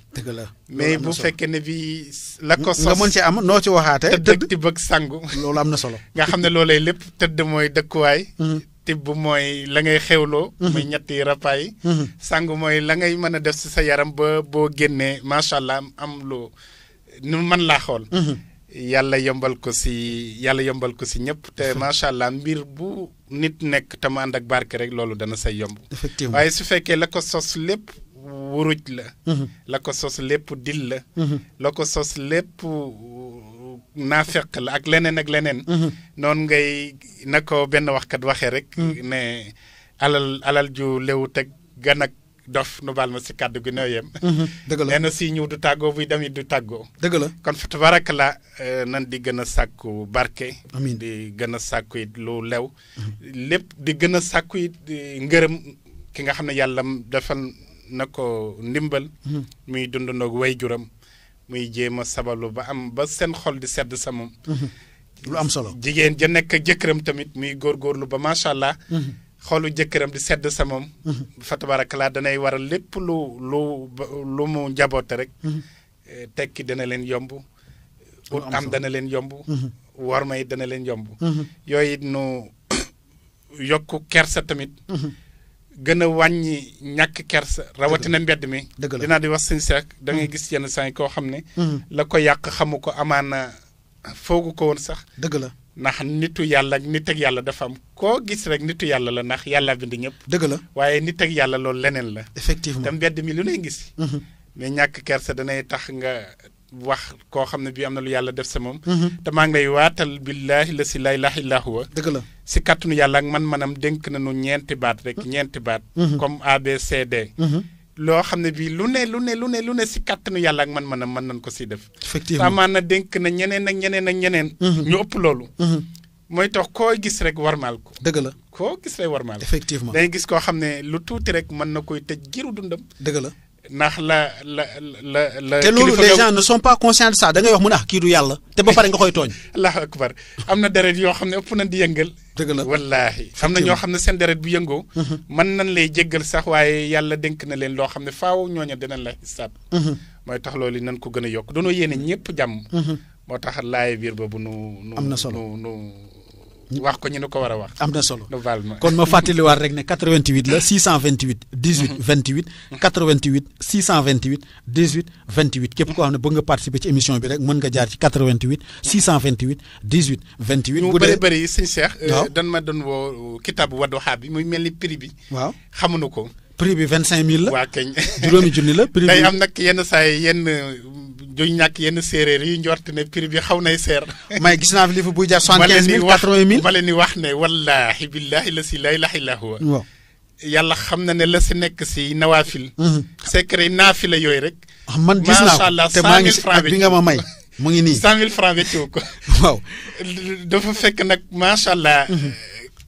mais bu fekkee ne bi la ko sos nga mën ci am noo ci waxaate tëdd ak tibb ak sangu. loolu am na solo. nga xam ne loolay lépp tëdd mooy dëkkuwaay. Mhm. tibb mooy la ngay xewloo. Mhm. muy ñetti repas mhm. sangu mooy la ngay mën a def si sa yaram ba boo génnee macha allah am loo nu mën laa xool. yàlla yombal ko si yàlla yombal ko si ñëpp te macha allah mbir bu nit nekk te mu ànd ak barke rek loolu dana say yomb. effectivement waaye su fekkee la ko lépp. wuruj la mhm. la ko sos lépp dil la mhm. la ko sos lépp uh, naafeq la ak leneen ak leneen mhm. noon ngay na ko benn waxkat waxe rek ne alal alal ju lewu teg gan ak dof nu baal ma si kàddu gi nooyem dëgg la nee na si ñëw du tàggoo buy dem du tàggoo dëgg la kon fa tabaraka la eh, nan di gën a sàkku barke amiin di gën a sàkku it lu lew lépp di gën a sàkku it ngërëm ki nga xam ne yàlla defal na ko ndimbal. Hmm. muy dundandoog wayjuram muy jéem a sabalu ba am ba seen xol di sedd sa moom. Hmm. lu am solo jigéen ja nekk ak jëkkëram tamit muy góorgóorlu ba macha allah. Hmm. xoolu jëkkëram di sedd sa moom. fa tabarakalaa danay waral lépp lu lu lu mu njaboote rek. Eh, tekki dana leen yomb. am dana leen yomb. worma yi dana leen yomb. yooyu nu yokk kersa tamit. gën a wàññi ñàkk kersa rawatina mbedd mi. dinaa di wax sëñ Seck da ngay mm. gis yenn saa yi koo xam ne. Mm. la ko yàq xamu ko amaana foogu ko woon sax. dëgg la ndax nitu yàlla ak nit ak yàlla dafa am koo gis rek nitu yàlla la ndax yàlla bind ñëpp. dëgg la waaye nit ak yàlla loolu leneen la. effectivement te mbedd mi lu lay gis. Mm-hmm. mais ñàkk kersa danay tax nga wax koo xam ne bii am na lu yàlla def sa moom. Mhm. te maa ngi lay waatal billaahi la si laa ilaaha illaa la si kàttanu yàlla ak man manam dénk na ñeenti baat rek mhm. ñeenti baat. Mhm. comme ABCD. loo xam ne bii lu ne lu ne lu ne lu ne si kàttanu yàlla ak man manam man nañ ko siy def. effectivement amaana dénk na ñeneen ak ñeneen ak ñeneen. ñu ëpp loolu. mooy tax koo gis rek warmaal ko. dëgg la koo gis rek warmaal. effectivement day gis koo xam ne lu tuuti rek mën na koy tëj giru dundam. dëgg la. ndax la la la la. te loolu les gens ne sont pas conscients de ça da ngay wax mu ne ah kii du yàlla te ba pare nga koy tooñ. allahu akbar am na deret yoo xam ne ëpp nañ di yëngal. dëgg la wallaahi am na ñoo xam ne seen deret bu yëngoo. Mhm. mën nañ lay jéggal sax waaye yàlla dénk na leen loo xam ne faaw ñooña dinañ la xisaab. Mhm. mooy tax loolu nañ ko gën a yokk doonoo yéene ñëpp jàmm. Mhm. moo tax laay biir ba bu nu. am na solo nu nu. wax ko ñu nu ko war a wax. am na solo kon ma fàttaliwaat rek 88 628 18 28. 88 628 18 28 képp koo xam ne bëgg nga participer ci émission bi rek mën nga jaar ci 88 628 18 28. bu dee mu bëri bëri euh, waaw ma woo euh, kitaabu muy prix bi. ko. prix bi vingt cinq mille la. waa kañ juróomi junni la. prix bi day am nag yenn saa yi yenn juñ ñàkk yenn séeréer yi njort ne prix bi xaw nay seer. may gis naa fi livre buy jar soixante quinze mille quatre vingt ma leen di wax ne wallaahi billaahi la si laa ilaaha illaa huwa yàlla xam na ne la si nekk si nawaafil. Mhm. secret naafila yooyu rek. Ah, man gis naa ko te maa ngi si ak bi nga ma may. mu ngi nii cent mille franc ko. waaw dafa fekk nag macha allah. Mhm.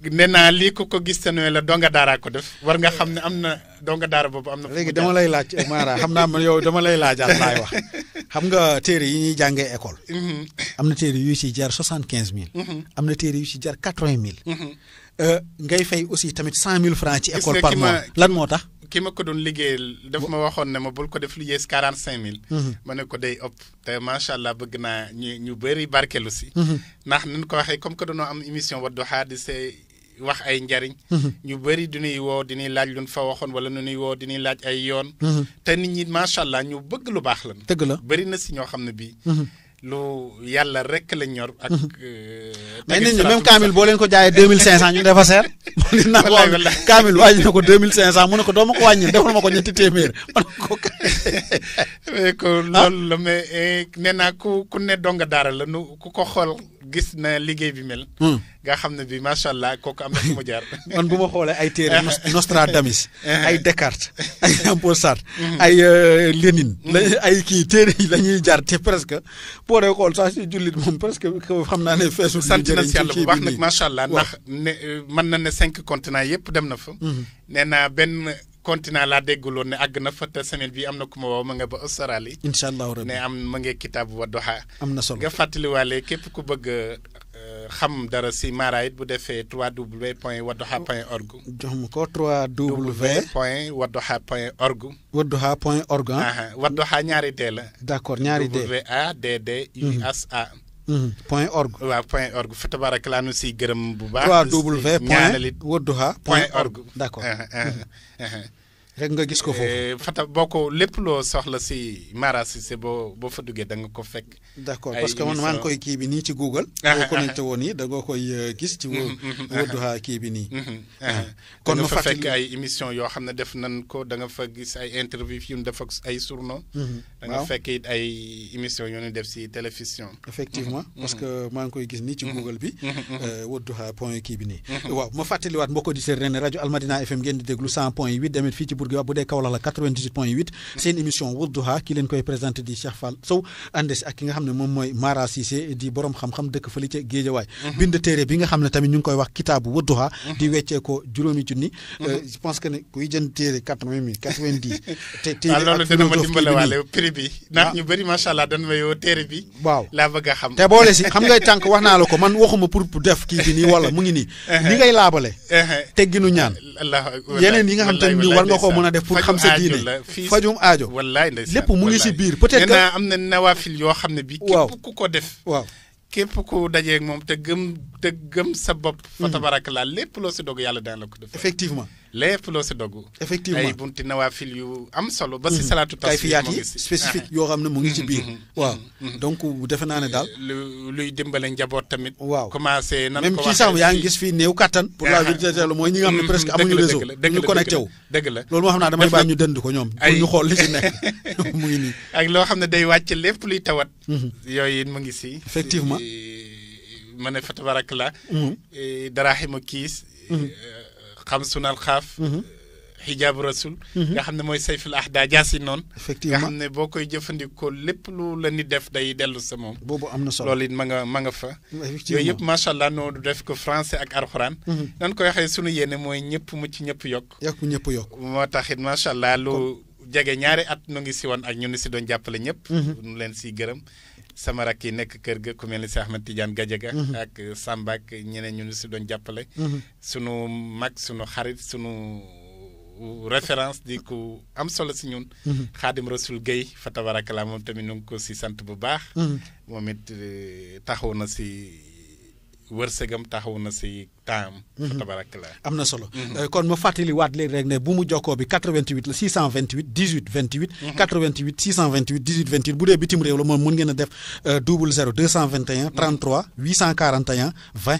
nee naa lii ku ko gis te la donga daaraa ko def war nga xam ne am na donga daara boobu am na. léegi dama lay dama lay laajaat laay wax nga téere yi ñuy jàngee école. Mm-hmm. am na téere yu ci jar soixante quinze mille. Mm-hmm. am na téere yu ci jar quatre vingt mille. Mm-hmm. Euh, ngay fay aussi tamit cent mille francs ci école par mois lan moo tax. ki ma ko doon liggéeyal daf ma waxoon ne ma bul ko def lu quarante cinq mille. ma ne ko day ëpp te macha allah bëgg naa ñu ñu bëri barkelu si. ndax ni ko waxee comme que wax ay njariñ mm-hmm. ñu bëri du ñuy woo di ñuy laaj luñ fa waxoon wala nu ñuy woo di laaj ay yoon mm-hmm. te nit ñi macha allah ñu bëgg lu baax lan dëgg la bëri na si ñoo xam ne bii mm-hmm. lu yàlla rek la ñor. ak euh, mais nit ñi même Kaamil boo leen ko jaayee deux mille cinq cent ñu dafa seer. nit naa ko Kaamil wàññi na ko deux mille cinq cent mu ne ko doo ma ko wàññi defal ma ko ñetti téeméer man ko Eh, ko ah. loolu la mais eh, nee naa ku ku ne donga daara la nu ku ko xool gis na liggéey bi mel. Hmm. nga xam ne bii macha allah kooku am na fu jaar. man bu ma xoolee ay téere Nostradamus. Eh. ay Descartes ay Jean-Paul hmm. euh, hmm. ay kii téere yi jaar te presque boo xool sax si jullit moom xam naa ne feesul. sant na bu baax nag macha allah ndax ne na ne cinq continents yëpp dem na fa. nee benn. continent laa déggloon ne àgg na fa te semaine bi am na ku ma woo ma nga ba Australie. incha allahu rabi ne am ma ngi kitaabu Wadduha. am na solo nga fàttaliwaale képp ku bëgg euh, xam dara si Mara bu defee 3W point wadduha point org. jox ma ko 3W. point wadduha point org. wadduha point org. Ah. wadduha ñaari D la. d' accord ñaari D A D D U S A. point org. waaw point org fa tabarakalaa nu siy gërëm bu baax. www point ñaanalit Wadduha point org d' accord. rek nga gis ko foofu. Eh, Fata boo ko lépp loo soxla si Mara Cissé boo boo fa duggee da nga ko fekk. d'accord parce que man maa ngi koy kii bi ni ci Google. Ah, boo connecté ah, ah. woon yi da nga koy euh, gis. ci Wadduha mm-hmm, mm-hmm, kii bi nii. Mm-hmm, kon ma fàttali fekk ay émission yo xam def nan ko da nga fa gis ay interview yu def ak ay journaux. da nga fekk ay émission yo ñu def ci télévision. effectivement parce que man koy gis ni ci Google bi. Euh, Wadduha point kii bi nii. waaw ma fàttaliwaat mbokk auditeurs yi ne Almadina FM ngeen di déglu 100 point fi ci. Bourguiba bu dee Kaolack la 98.8 seen émission Wadduha ki leen koy présenté di Cheikh Fall Sow ànd si ak ki nga xam ne moom mooy Mara Cissé di borom xam-xam dëkk fële ca Géejawaay mhm. bind téere bi nga xam ne tamit ñu ngi koy wax kitaabu Wadduha mhm. di weccee ko juróomi junni mhm. euh, je ne kuy jënd téere téere waaw ah, loolu dana ma dimbale waale prix ah. téere bi waaw laa a def kii bi nii wala mu ngi nii li ngay laabale tegginu ñaan yeneen yi nga xam te loo mën def pour xam sa diine fajum aajo wallaay ndeysaan lépp mu ngi si biir peut-être que am na nawaafil yoo xam ne bi képp ku ko def waaw képp ku dajeeg moom te gëm te gëm sa bopp fa hmm. tabaraka laa lépp loo si dog yàlla daan la ko def effectivement lépp loo si dogg. effectivement ay bunti nawaafil yu am solo. ba si mhm. salaatu tas kayfiyaat yi spécifique ah. yoo xam ne mu ngi ci biir. Mhm. waaw mhm. donc defe naa ne daal. Eh, lu luy dimbale njaboot tamit. waaw commencé nan ko waxee ci sax yaa ngi gis fii néew kattan. pour la ah. vérité la mooy ñi nga xam ne presque amuñu réseau. ñu connecté wu dëgg la loolu moo xam naa damay bàyyi ñu dënd ko ñoom. ay ñu xool li ci nekk mu ngi nii. ak loo xam ne day wàcce lépp luy tawat. yooyu it mu ngi si. effectivement eh, ma ne fa tabarak la. Eh, ma kiis. xamsun alxaaf. Mhm. xijaabu rasul. Mhm. nga xam ne mooy sayful ahda jaasi noonu. effectivement nga xam ne boo koy jëfandikoo lépp lu la nit def day dellu sa moom. boobu am na solo loolu it ma nga ma nga fa. yooyu yëpp macha allah noo def ko francais ak arxuraan. Mhm. nan koy waxee sunu yéene mooy ñëpp mu ci ñëpp yokk. yokk ñëpp yokk. moo taxit it macha allah lu jege ñaari at nu ngi si woon ak ñu ngi si doon jàppale ñëpp. nu leen si gërëm. sama rakk yi nekk kër ga ku mel ni si Ahmed Tidiane Gadiaga mhm. ak Samba ak ñeneen ñun si doon jàppale. Mhm. sunu mag sunu xarit sunu référence di ku am solo si ñun. Mhm. Xaadim Rasul Guèye fa tabarakalaa tamit nu ko si sant bu baax. moom it eh, taxaw na si. wërsëgam taxaw na si temps am. Mhm. tabarakallah na solo. Mhm. Euh, kon ma fàttaliwaat léegi rek ne bu mu jokkoo bi 88 la 628 18 28. 88 628 18 28 bu dee bitim réew la moom mën ngeen def euh, double 0 221. 33 841 20.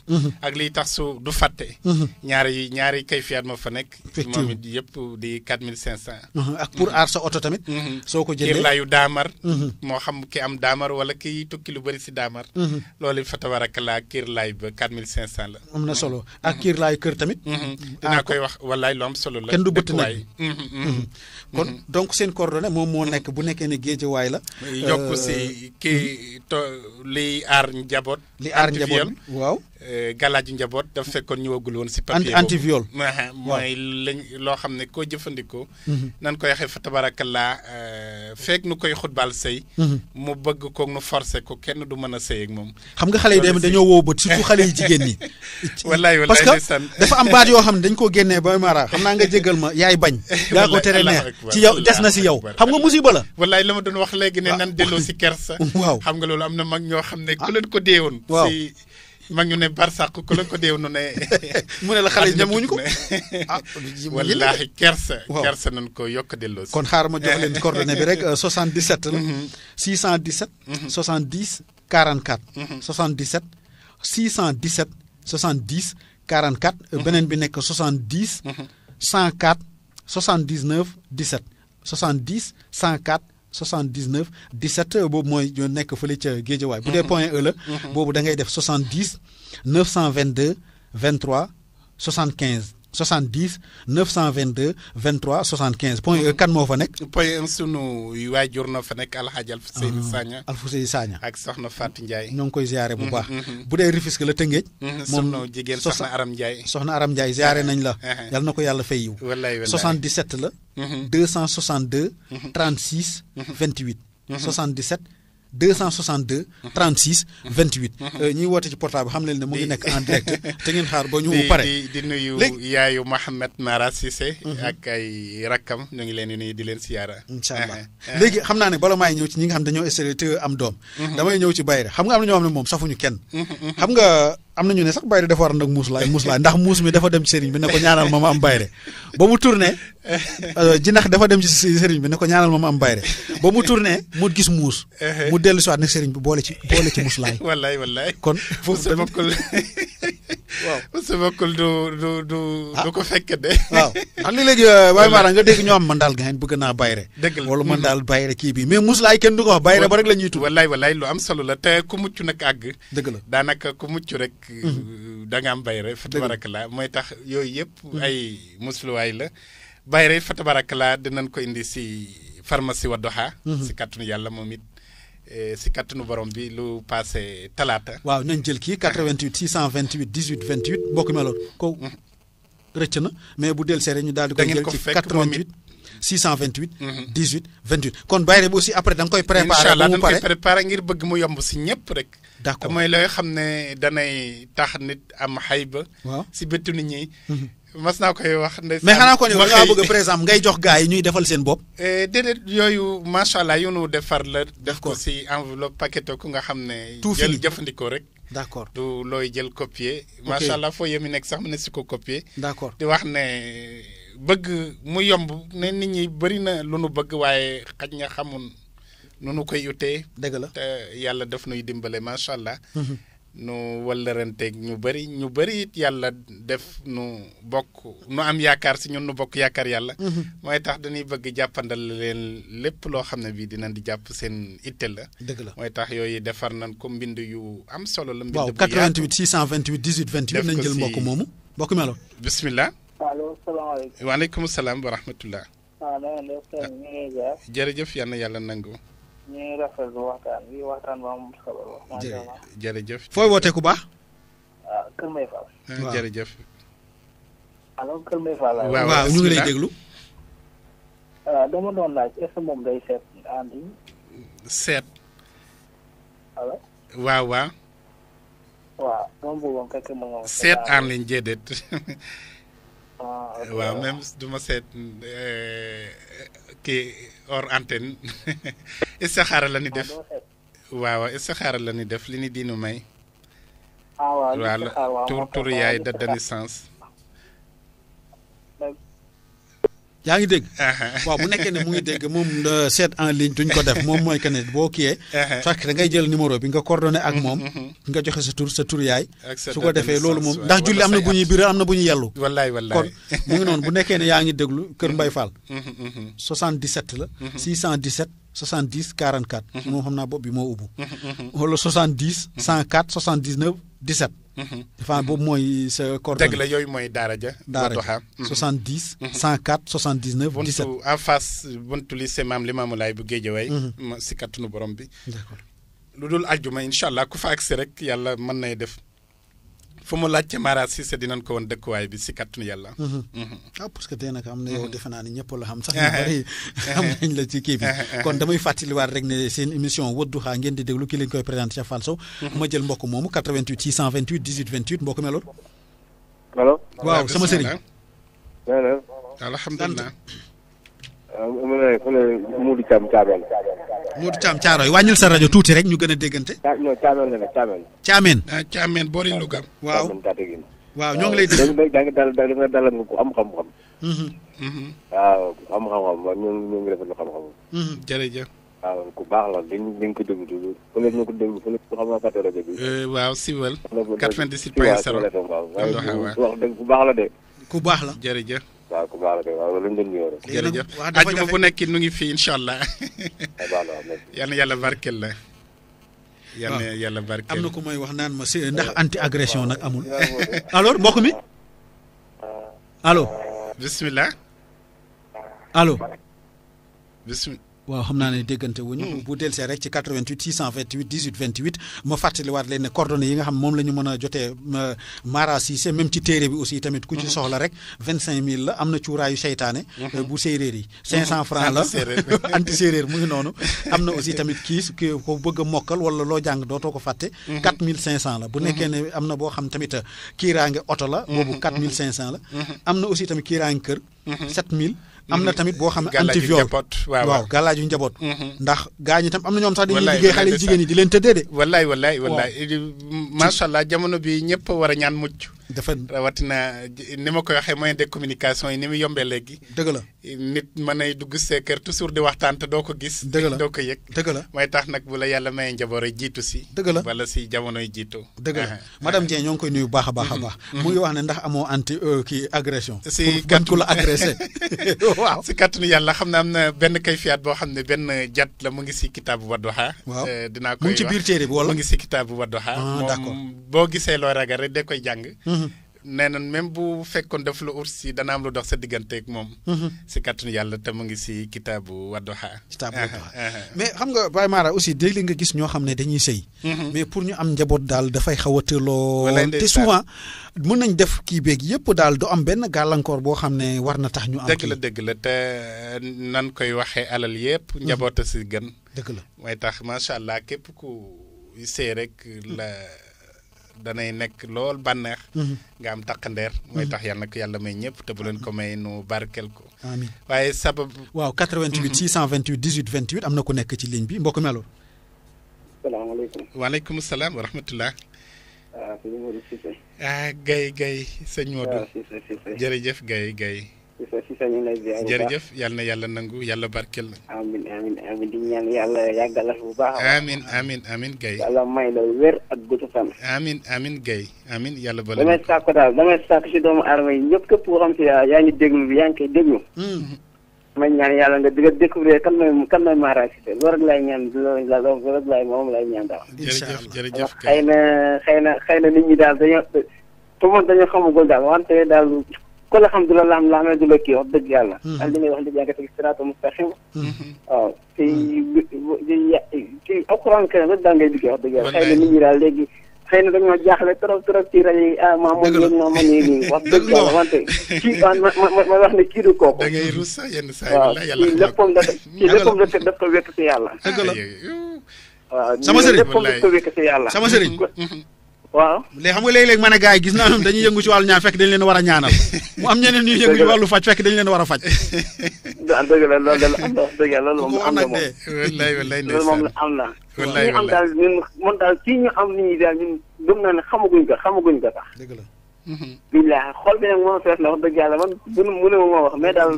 Mm-hmm. ak lii tax su du fàtte. Mm-hmm. ñaari ñaari kayfiyaat ma fa nekk. effectivement moom it yëpp di quatre mille cinq cent. Mm-hmm. ak pour aar sa oto tamit. soo ko jëlee kiirlaayu daamar. moo xam ki am daamar wala ki tukki lu bëri si daamar. loolu fa tabarakalaa kiirlaay ba quatre mille cinq cent la. am na solo ak kiirlaayu kër tamit. Ah, dinaa koy wax wallaay lu am solo la. kenn du bëtt nag kon donc seen coordonnée moom moo nekk bu nekkee ne géejewaay la. yokk si euh, kii to li aar njaboot Euh, galaaju njaboot dafa fekkoon ñëwagul woon si papier anti viol mooy lañ loo xam ne koo jëfandikoo mhm. nan koy waxee fa tabarakallah euh, feek nu koy xutbaal sëy mhm. mu bëgg ko nu forcé ko kenn du mën a sëy ak moom xam nga xale yi dem dañoo wow bët surtout xale yi jigéen ñi wallaay wallaay parce que dafa am baat yoo xam ne dañ koo génne ba mara xam naa nga jégal ma yaay bañ yaa ko tere neex ci yow des na si yow xam nga musiba la wallaay la ma doon wax léegi ne nan delloo si kersa waaw xam nga loolu am na mag ñoo xam ne ku leen ko deewoon si mag ñu ne barsàq ku la ko deew nu ne. mu ne la xale yi ñamuñu ko ah, wallaahi kersa. waaw kersa ko yokk delloo si. kon xaar ma jox leen coordonnée bi rek 77 euh, la. 617. 70 44. 77 617 70 44. beneen bi nekk 70. 104 79 17 70 104. 79 17 bu point E la. Mhm. Mhm. da ngay def 70 922 23 75. 70 922 23 75 point E kan moo fa nekk. point E sunu waajur na fa nekk Alxaaji Alfousseyni ah, Sagna. Alfousseyni Sagna ak Soxna Fatou Ndiaye. ñoo ngi koy ziare bu mm-hmm, baax. Mm-hmm. bu dee Rufisque la Tëngéej. Mm-hmm, moom soxna jigéen Soxna Aram Ndiaye. Soxna Aram Ndiaye ziare nañ la. yal ko yàlla fay yiw. wallaay wallaay 77 la. 262. 36. 28. 77. 262 36 28 ñiy woote ci portable xam leen ne mu ngi nekk en direct te ngeen xaar ba ñu mu pare di di nuyu yaayu Mouhamed Mara Cissé mhm. di nuyu di leen siyaara incha eh, eh. léegi xam naa ne bala maay ñëw ci ñi nga xam dañoo stéréo te am doom mhm. damay ñëw ci Bayra xam nga am na ñoo xam ne moom safuñu kenn mhm, xam nga am na ñu ne sax bayre dafa war a nag muuslaay muuslaay ndax muus mi dafa dem ci sëriñ bi ne ko ñaanal ma ma am bayre ba mu tourné euh, jinax dafa dem ci sëriñ bi ne ko ñaanal ma ma am bayre ba mu tourné mu gis muus. Uh-huh. mu dellu si waat nag sëriñ bi boole ci boole ci muuslaay. wallaay wallaay kon foofu waaw sa du du du ah. du ko fekk de. waaw ndax li léegi euh, waaye maanaam nga dégg ñoo am man daal gaañ bëgg naa bayre dëgg la wala man mm. daal bayre kii bi mais muslaay kenn du ko wax bayre ba rek la ñuy tudd. wallaay wallaay lu am solo la te ku muccu nag àgg. dëgg la daanaka ku muccu rek. Mm. Euh, da nga am bayre fa la mooy tax yooyu yëpp mm. ay waay la bayre fa tabarakallah dinañ ko indi si pharmacie Wadduha. Mm-hmm. si kàttanu yàlla moom it. si kattanu borom bi lu passé talata waaw nañ jël kii 88 628 18 28 mbokk meloon ko mm. rëcc na mais bu del seere ñu daal di ko jël ci 88 628. 18 28 kon bàyyi bi aussi après dang koy. préparer inshallah mu koy préparer ngir bëgg mu yomb si ñëpp rek. d' accord mooy looy xam ne danay tax nit am xayba. si bëtu nit ñi. Mm-hmm. mas naa koy wax. ndeysaan mais xanaa kon yow nga bëgg par exemple ngay jox gaa yi ñuy defal seen bopp. Eh, déedéet yooyu macha allah yu nu defar la. def ko si enveloppe paquet ku nga xam ne. tout jël jëfandikoo rek. d' accord du looy jël copier. ok macha allah foo yemi nekk sax mu ne si ko copier. d' accord di wax ne bëgg mu yomb ne nit ñi bëri na lu nu bëgg waaye xaj nga xamun nu nu koy utee. dëgg la te yàlla daf nuy dimbale macha allah. Mhm. nu wëllëranteeg ñu bari ñu bëri it yàlla def nu bokk nu am yaakaar si ñun nu bokk yaakaar yàlla. Mhm. mooy tax dañuy bëgg jàppandal leen lépp loo xam ne bii dinañ di jàpp seen itte la. dëgg la mooy tax yooyu defar nañ ko mbind yu am solo la. mbind bu waaw 88 628 18 28 nañ jël mbokk moomu mbokk melo. bisimilah. allo salaamaaleykum. waaleykum salaam wa rahmatulah. waaw ah, na ngeen yàlla na yàlla nangu. ñu ngi rafetlu waxtaan bi waxtaan bu am solo la. jërëjëf foo wootee ku baax. ah Kër Mbaye Fall. Ah, waaw jërëjëf. allo Kër Mbaye Fall. waaw ñu ngi lay ah, doon laaj est moom day seet ànd seet. allo. waaw waaw. waaw moom boobu moom seet en ligne Ah, waaw même duma seet euh, kii or antenne istixaara la ni ah, def. waaw istixaara la ni def li ni diinu may. ah waaw tur tur yaay date de naissance. yaa ngi dégg uh-huh. waaw bu nekkee ne mu ngi dégg moom uh, seet en ligne duñ ko def moom mooy que ne boo kiiyee uh-huh. fekk ngay jël numéro bi nga coordonné ak mm-hmm, moom mm-hmm. nga joxe sa tur sa tur yaay su ko defee loolu moom ndax julli am na bu ñuy biir am na bu ñuy yellu wallaay wallaay kon mu ngi noonu bu nekkee ne yaa ngi déglu Kër Mbay Fall 77 mm-hmm, la 617 70 44. mo xamna naa bi moo mhm, mhm. wala 70. 104 79 17. dafa bob moy ce coordonnée. dëgg la yoy moy dara ja. Daara 70. 104 79 17. buntu en face buntu lycée mam Limaamu lay bu Géejawaay. Mhm. ma si kattanu borom bi. d'accord ludul dul inshallah incha ku fa rek yalla man nay def. fu mu laajte Mara Cissé dinañ ko woon dëkkuwaay bi si kàttanu yàlla. Mhm. Mhm. ah parce que tey nag am na yow mhm. defe naa ne ñëpp la xam sax ñu bari xam nañ la ci kii bi kon damay fàttaliwaat rek ne seen émission Wadduha ngeen di déglu ki lañ koy présenté Cheikh Fall ma jël mbokk moomu 88 628 18 28 mbokk meloon. waaw sama sëriñ. alhamdulilah. mu ne fu ne Modou Thiam Thiamène. Modou Thiam Thiaroy wàññil sa rajo tuuti rek ñu gën a déggante. Thiam non Thiamène la nag Thiamène. Thiamène ah Thiamène boori Louga. waaw ñoo ngi lay dégg. da nga dal da nga dalal nga ko am xam-xam. Mm-hmm. Mm-hmm. waaw am xam-xam man ñoo ngi ñoo ngi rafetlu xam-xam. Mm-hmm. jërëjëf. waaw ku baax la dañ dañ ko déglu toujours fële ñu ko déglu fële xam nga fàtte rajo bi. Eh, waaw siwal. 98 point 0 ku baax la de. ku baax la jërëjëf. waaw ku baax la kay waaw loolu bu nekk nu ngi fi incha allah. Ah, yal na yàlla barkeel la. yal na ah, yàlla barkeel am na ko mooy wax naan ma si ndax anti agression nag amul. Ah, alors mbokk mi allo. bisimilah. allo. waaw xam naa ne déggante wuñu hmm. bu delsee rek ci 88 628 18 28 ma fàttaliwaat leen ne coordonnées yi nga xam moom la ñu mën a jotee Mara Cissé même ci téere bi aussi tamit ku ci hmm. soxla rek vingt cinq mille la am na cuuraayu seytaane hmm. bu séeréer yi cinq cent francs la anti séeréer mu ngi noonu am na aussi tamit kiis ko bëgg a mokkal wala loo jàng dootoo ko fàtte quatre mille cinq cent la bu nekkee ne am na boo xam tamit kiiraange oto la boobu quatre mille cinq cent la am na aussi tamit kiiraange kër sept mille am na tamit boo xam ne anti viol waaw gàllaaju njaboot mm-hmm. ndax gaañ itam am na ñoom sax dañuy liggéey xale jigéen ñi di leen tëddee de wallaay wallaay wallaay macha allah jamono bi ñëpp war a ñaan mucc dafa rawatina ni ma koy waxee moyen de communication yi ni mu yombee léegi dëgg la nit mën a dugg see kër toujours di waxtaan te doo ko gis dëgg la doo ko yëg dëgg la may tax nag bu la yàlla mayee njaboot yi jiitu si dëgg la wala si jamono yi jiitu dëgg la madame Dieng ñoo ngi koy nuyu baax a baax a mm-hmm. baax mu ngi wax ne ndax amoo anti euh, kii agression si la waaw si kàttanu yàlla xam ne am na benn kayfiyaat boo xam ne benn jat la mu ngi si kitaabu Wadduha. waaw eh, dinaa koy mu ngi si téere bi wala mu ngi si kitaabu Wadduha. Ah, moom boo gisee loo ragal rek da koy jàng. Mm-hmm. nee na même bu fekkoon def lu urs si dana am lu dox sa digganteeg moom. Mhm. si kàttanu yàlla te mu ngi si kitaabu Wadduha. kitaabu Wadduha mais xam nga Baye Mara aussi léeg nga gis ñoo xam ne dañuy sëy. Mhm. mais pour ñu am njaboot daal dafay xaw a tëloo te souvent mën nañ def kii beeg yëpp daal du am benn gàllankoor boo xam ne war na tax ñu. am dëgg la dëgg la te eh, nan koy mhm. si gën. dëgg la mooy tax macha allah képp ku sëy rek la. danay nekk lool bànneex. Mhm. nga am taqandeer. mooy mhm. tax yàlla nag yàlla may ñëpp te leen ko may nu barkeel ko. amiin waaye sabab. waaw 88 628 18 28 am na ku nekk ci ligne bi mbokk mi allo. salaamaaleykum. waaleykum salaam wa rahmatulah. ah sëñ Modou Cissé. ah Gaye Gaye sëñ Modou. Ah, Cissé ñu ngi lay ziar jërëjëf yal na yàlla nangu yàlla barkeel na. amiin amiin amiin di ñaan yàlla yàggal la bu baax. amiin amiin amiin Gaye. yàlla may la wér ak gudd fan. amiin amiin Gaye amiin yàlla bala. damay sàkku daal damay sàkku si doomu aadama yi ñëpp képp koo xam si yaa ngi déglu bi yaa ngi koy déglu. Hmm. ma ñaan yàlla nga di nga découvrir kan mooy kan mooy Mara Cissé loolu rek laay ñaan loolu la loolu rek laay moom laay ñaan daal. jërëjëf jërëjëf Gaye xëy na xëy na xëy na nit ñi daal dañoo te moom dañoo xamagul daal wante daal kon alhamdulilah laam laam la dula kii wax dëgg yàlla. ak li ngay wax dëgg yaa ngi teg siraatu mustaqim. Hmm. waaw te te alquran kenn rek daal ngay liggéey wax dëgg yàlla. xëy na nit ñi daal léegi xëy na dañoo jaaxle trop trop ci rajo yi ah maa moom yéen maa nii nii wax dëgg yàlla wante kii ah, ma ma ma wax ne kii du kooku. da ngay rus yenn saa yi la yàlla waaw kii léppam da kii léppam da daf ko wekk si yàlla. dëgg la waaw sama sëriñ léppam daf ko wekk si yàlla. sama sëriñ. Hmm. waaw léegi xam nga léeg-léeg ma ne gars yi gis naa dañuy yëngu ci wàllu ñaan fekk dañu leen war a ñaanal mu am ñeneen ñuy yëngu ci wàllu faj fekk dañu leen war a faj dëgg la loolu la am na dëgg la loolu moom am na moom wallaay wallaay loolu moom am na wallaay wallaay ñu am daal ñun moom daal kii ñu am nit ñi daal ñun gëm naa ne xamaguñ ko xamaguñ ko sax dëgg la billaah xol bi nag moom fees na wax dëgg yàlla man bu mu ne ma wax mais daal.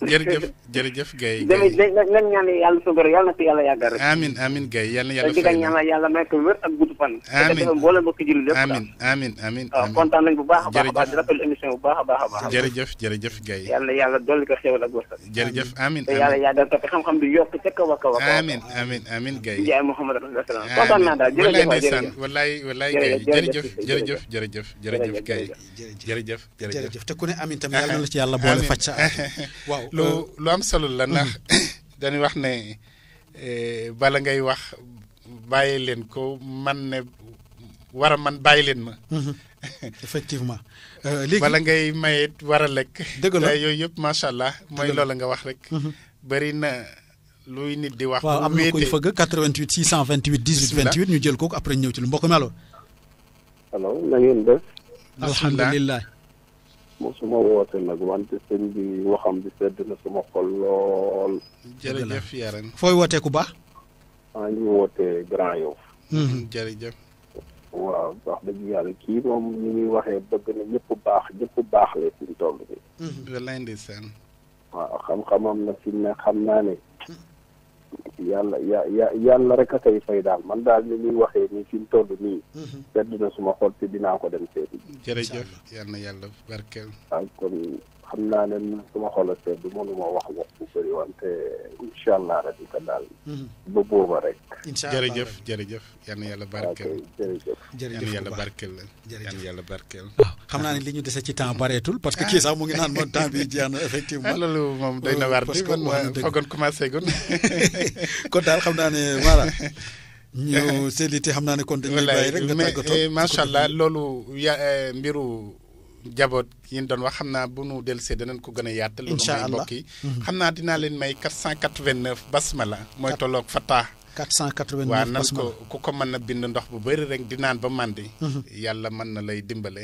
jërëjëf jërëjëf Gaye. Gaye nañ ñaan yàlla suñu borom yàlla na fi yàlla yàggal rek. amiin na yàlla fay. te di ñaanal yàlla may ko wér a baax a a baax a a kaw a kay jërëjëf jërëjëf te ku ne amin tam yàlla na la ci yàlla boole faj sa waaw lu lu am solo la ndax mm-hmm. dañuy wax ne eh, bala ngay wax bàyyi leen ko man ne war a man bàyyi leen ma mm-hmm. effectivement euh, léegi bala ngay mayet war a lekk dëgg la yooyu yëpp macha allah mooy loola nga wax rek mm-hmm. bëri na luy nit di wax waaw am na koy fëgg 88 628 18 28 ñu jël kooku après ñëw ci lu mbokk mi allo allo na ngeen def alhamdulilah suma woote nag wante sëñ bi waxam bi sedd na suma xol lool. jërëjëf Yaren. fooy wootee ku baax. maa ngi wootee Grand Yoff. Mhm. jërëjëf. waaw wax dëgg yàlla kii moom ni muy waxee bëgg na ñëpp baax ñëpp baax la fi mu toll nii. Mhm. Mhm. walaay ndeysaan. waaw xam-xamam na fi ne xam naa ne. yàlla ya yàlla rek a koy fay daal man daal li muy waxee nii fi mu toll nii. sedd mhm. na suma xol te dinaa ko dem seeti. jërëjëf yal na yàlla barkeel. xam naa ne suma xol a sedd mënuma wax wax bu bëri wante incha allah rabi ka daal. Mhm. ba booba rek. incha allah jërëjëf jërëjëf. yal na yàlla barkeel jërëjëf jërëjëf yàlla barkeel la. jërëjëf yàlla barkeel. xam naa ne li ñu dese ci temps bareetul parce que kii sax mu ngi naan man temps bi jeex na effectivement. Ah, loolu moom day na waar parce foogoon commencé gun. kon daal xam naa ne voilà. ñu seetlu xam naa ne kon dañuy bàyyi rek nga tàggatoo mais eh, macha allah loolu ya eh, mbiru. jaboot yi doon wax xam naa bu nu dellusee danañ ko gën a yaatal. incha allah lu mbokk yi mhm. xam naa dinaa leen may 489 basmala. mooy tolloog Fatah. 489 waaw nan ko ku ko mën a bind ndox bu bëri rek di naan ba mandi mhm. yàlla mën na lay dimbale.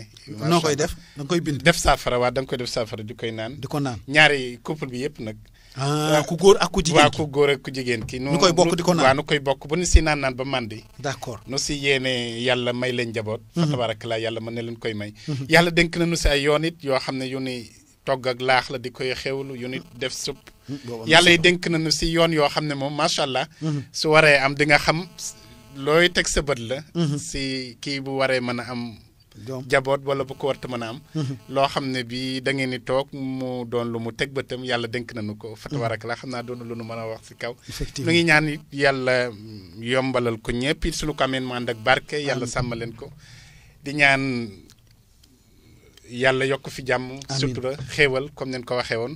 noo koy def da nga koy bind. def saafara waaw da koy def saafara di koy naan. di ko naan ñaari couple bi yëpp nag. ah ku góor ak ku jigéen góor ak ku jigéen ki nu koy bokk di ko naan waaw nu koy bokk bu nu si naan naan ba màndi d'accord nu si yéene yàlla may leen njaboot mhm. fa tabarakallah yàlla mën na leen koy may yàlla dénk na nu si ay yoon it yoo xam ne yu ni togg laax la di koy xewlu yu ni def supp mhm, yàlla na si yoon yoo xam ne moom macha allah mhm. su waree am di nga xam looy teg sa bët la si kii bu waree mën a am jaboot wala bu ko warta mën a am mhm. loo xam ne bi da ngeen ni toog mu doon lu mu teg bëtam yàlla dénk nañu ko mhm. fatawarak la xam naa doon lu nu man a wax si kaw nu ngi ñaan yàlla mm, yombalal ko ñëpp sulu ko ameen mu ànd yàlla sàmm leen ko di ñaan yàlla yokk fi jàmm sutura xéewal comme neen ko waxee woon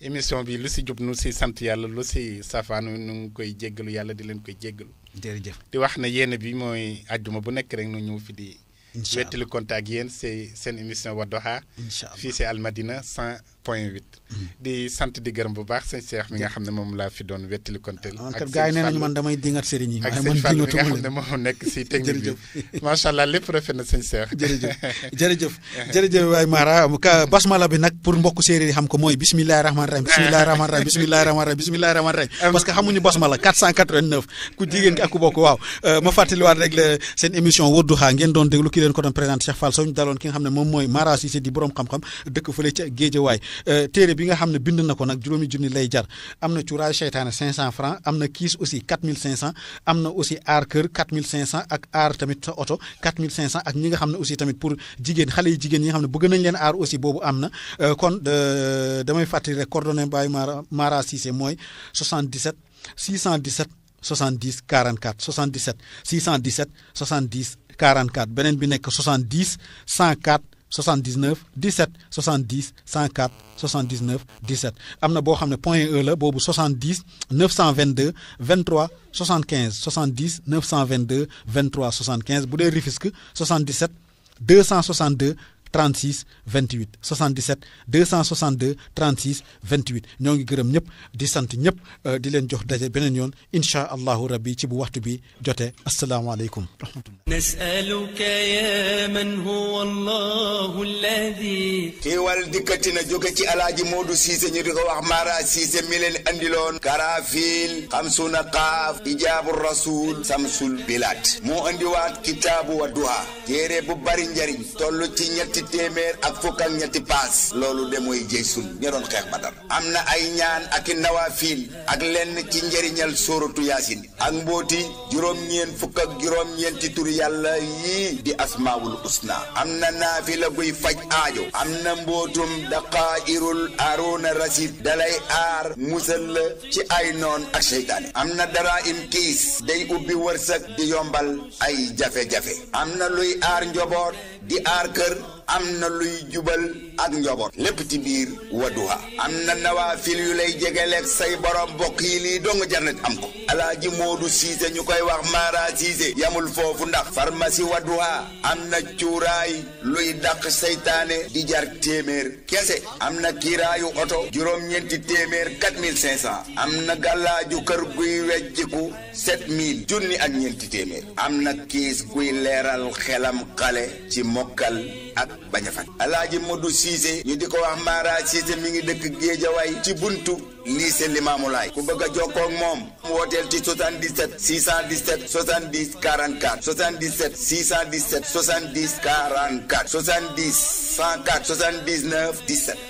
émission bi lu si jub nu si sant yàlla lu si safaanu nu ngi koy jéggalu yàlla di leen koy jéggalu jërëjëf di wax na yéene bi mooy àjjuma bu nekk rek nu ñëw fi di wettali kontaan ak yéen c'est seen émission Wadduha fii c'est Almadina 100 point huit. Hmm. di sant di gërëm bu baax sëñ Cheikh mi nga xam ne moom laa fi doon wettali konteel. Ah, ak sëñ Fall nañu man damay dingat sëriñ yi. ak lépp rafet na sëñ Cheikh. jërëjëf jërëjëf jërëjëf waay Mara basmala bi nag pour mbokk séeréer yi xam ko mooy bisimilah rahmaani rahiim bisimilah rahmaani rahiim bisimilah rahmaani rahiim bisimilah euh, di borom xam-xam dëkk fële ca Géejawaay Euh, téere bi nga xam ne bind na ko nag juróomi junni lay jar am na cuuraay seytaane 500 francs am na kiis aussi 4500 am na aussi aar kër 4500 ak aar tamit sa oto ak ñi nga xam ne aussi tamit pour jigéen xale yi jigéen ñi nga xam ne bëgg nañ leen aar aussi boobu am na euh, kon euh, damay fàttali rek coordonné Baye Mara Mara Cissé mooy 77 617 70 44 77 617 70 44 beneen bi nekk 70 104 79 17 70 104 79 17 amna bo le point E 70 922 23 75 70 922 23 75 77 262 36 28 77 262 36 28 ñoo ngi gërëm ñëpp di sant ñëpp euh, di leen jox daje beneen yoon inchaa allahu rabbi ci bu waxtu bi jote asalaamaaleykum rahmatullah nasaluka ya man huwa allahu alladi xiiwal dikkati na jóge ci alaaji moodu siise ñu di ko wax maara siise mi leen andiloon karaafil xamsuna qaaf ijaabu rasul samsul bilaat moo andiwaat kitaabu wa duha téere bu bari njariñ toll ci ñetti téeméer ak fukk ñetti paas loolu de mooy jëy sun ña doon xeex badar am na ay ñaan ak i nawafiil ak lenn ci njëriñal sóoratu yaasin ak mbóoti juróom-ñeen fukk ak juróom-ñeenti turi yàlla yii di asmaawul usna am na naafila guy faj aajo am na mbóotum daqaayirul aruuna rasid dalay aar musal la ci ay noon ak seytaane am na dara im kiis day ubbi wërsëg di yombal ay jafe-jafe am na luy aar njoboot di aar kër am na luy jubal ak njaboot lépp ci biir Wadduha am na nawaafil yu lay jegeleeg say borom mbokk yi lii dong jarnet am ko alaaji Moodu Siise ñu koy wax Mara Siise yamul foofu ndax pharmacie Wadduha am na cuuraay luy dàq seytaane di jar téeméer kese am na kiiraayu oto juróom-ñeenti téeméer 4500 am na gàllaaju kër guy wejjiku 7000 junni ak ñeenti téeméer am na kiis guy leeral xelam xale ci mokkal ak bañ a fan alaaji Modou Cissé di ko wax Mara Cissé mi ngi dëkk Géejawaay ci buntu lycée Limaamulaay ku bëgg a jokkoo ak moom wooteel ci 77 617 70 44 77 617 70 44 70 104 79 17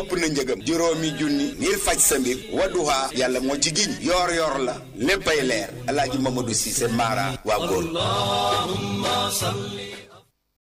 ëpp na njëgam juróomi junni ngir faj sa mbir Wadduha yàlla moo ci yoor yoor la léppay leer alaaji Mamadou Cissé Mara waa góor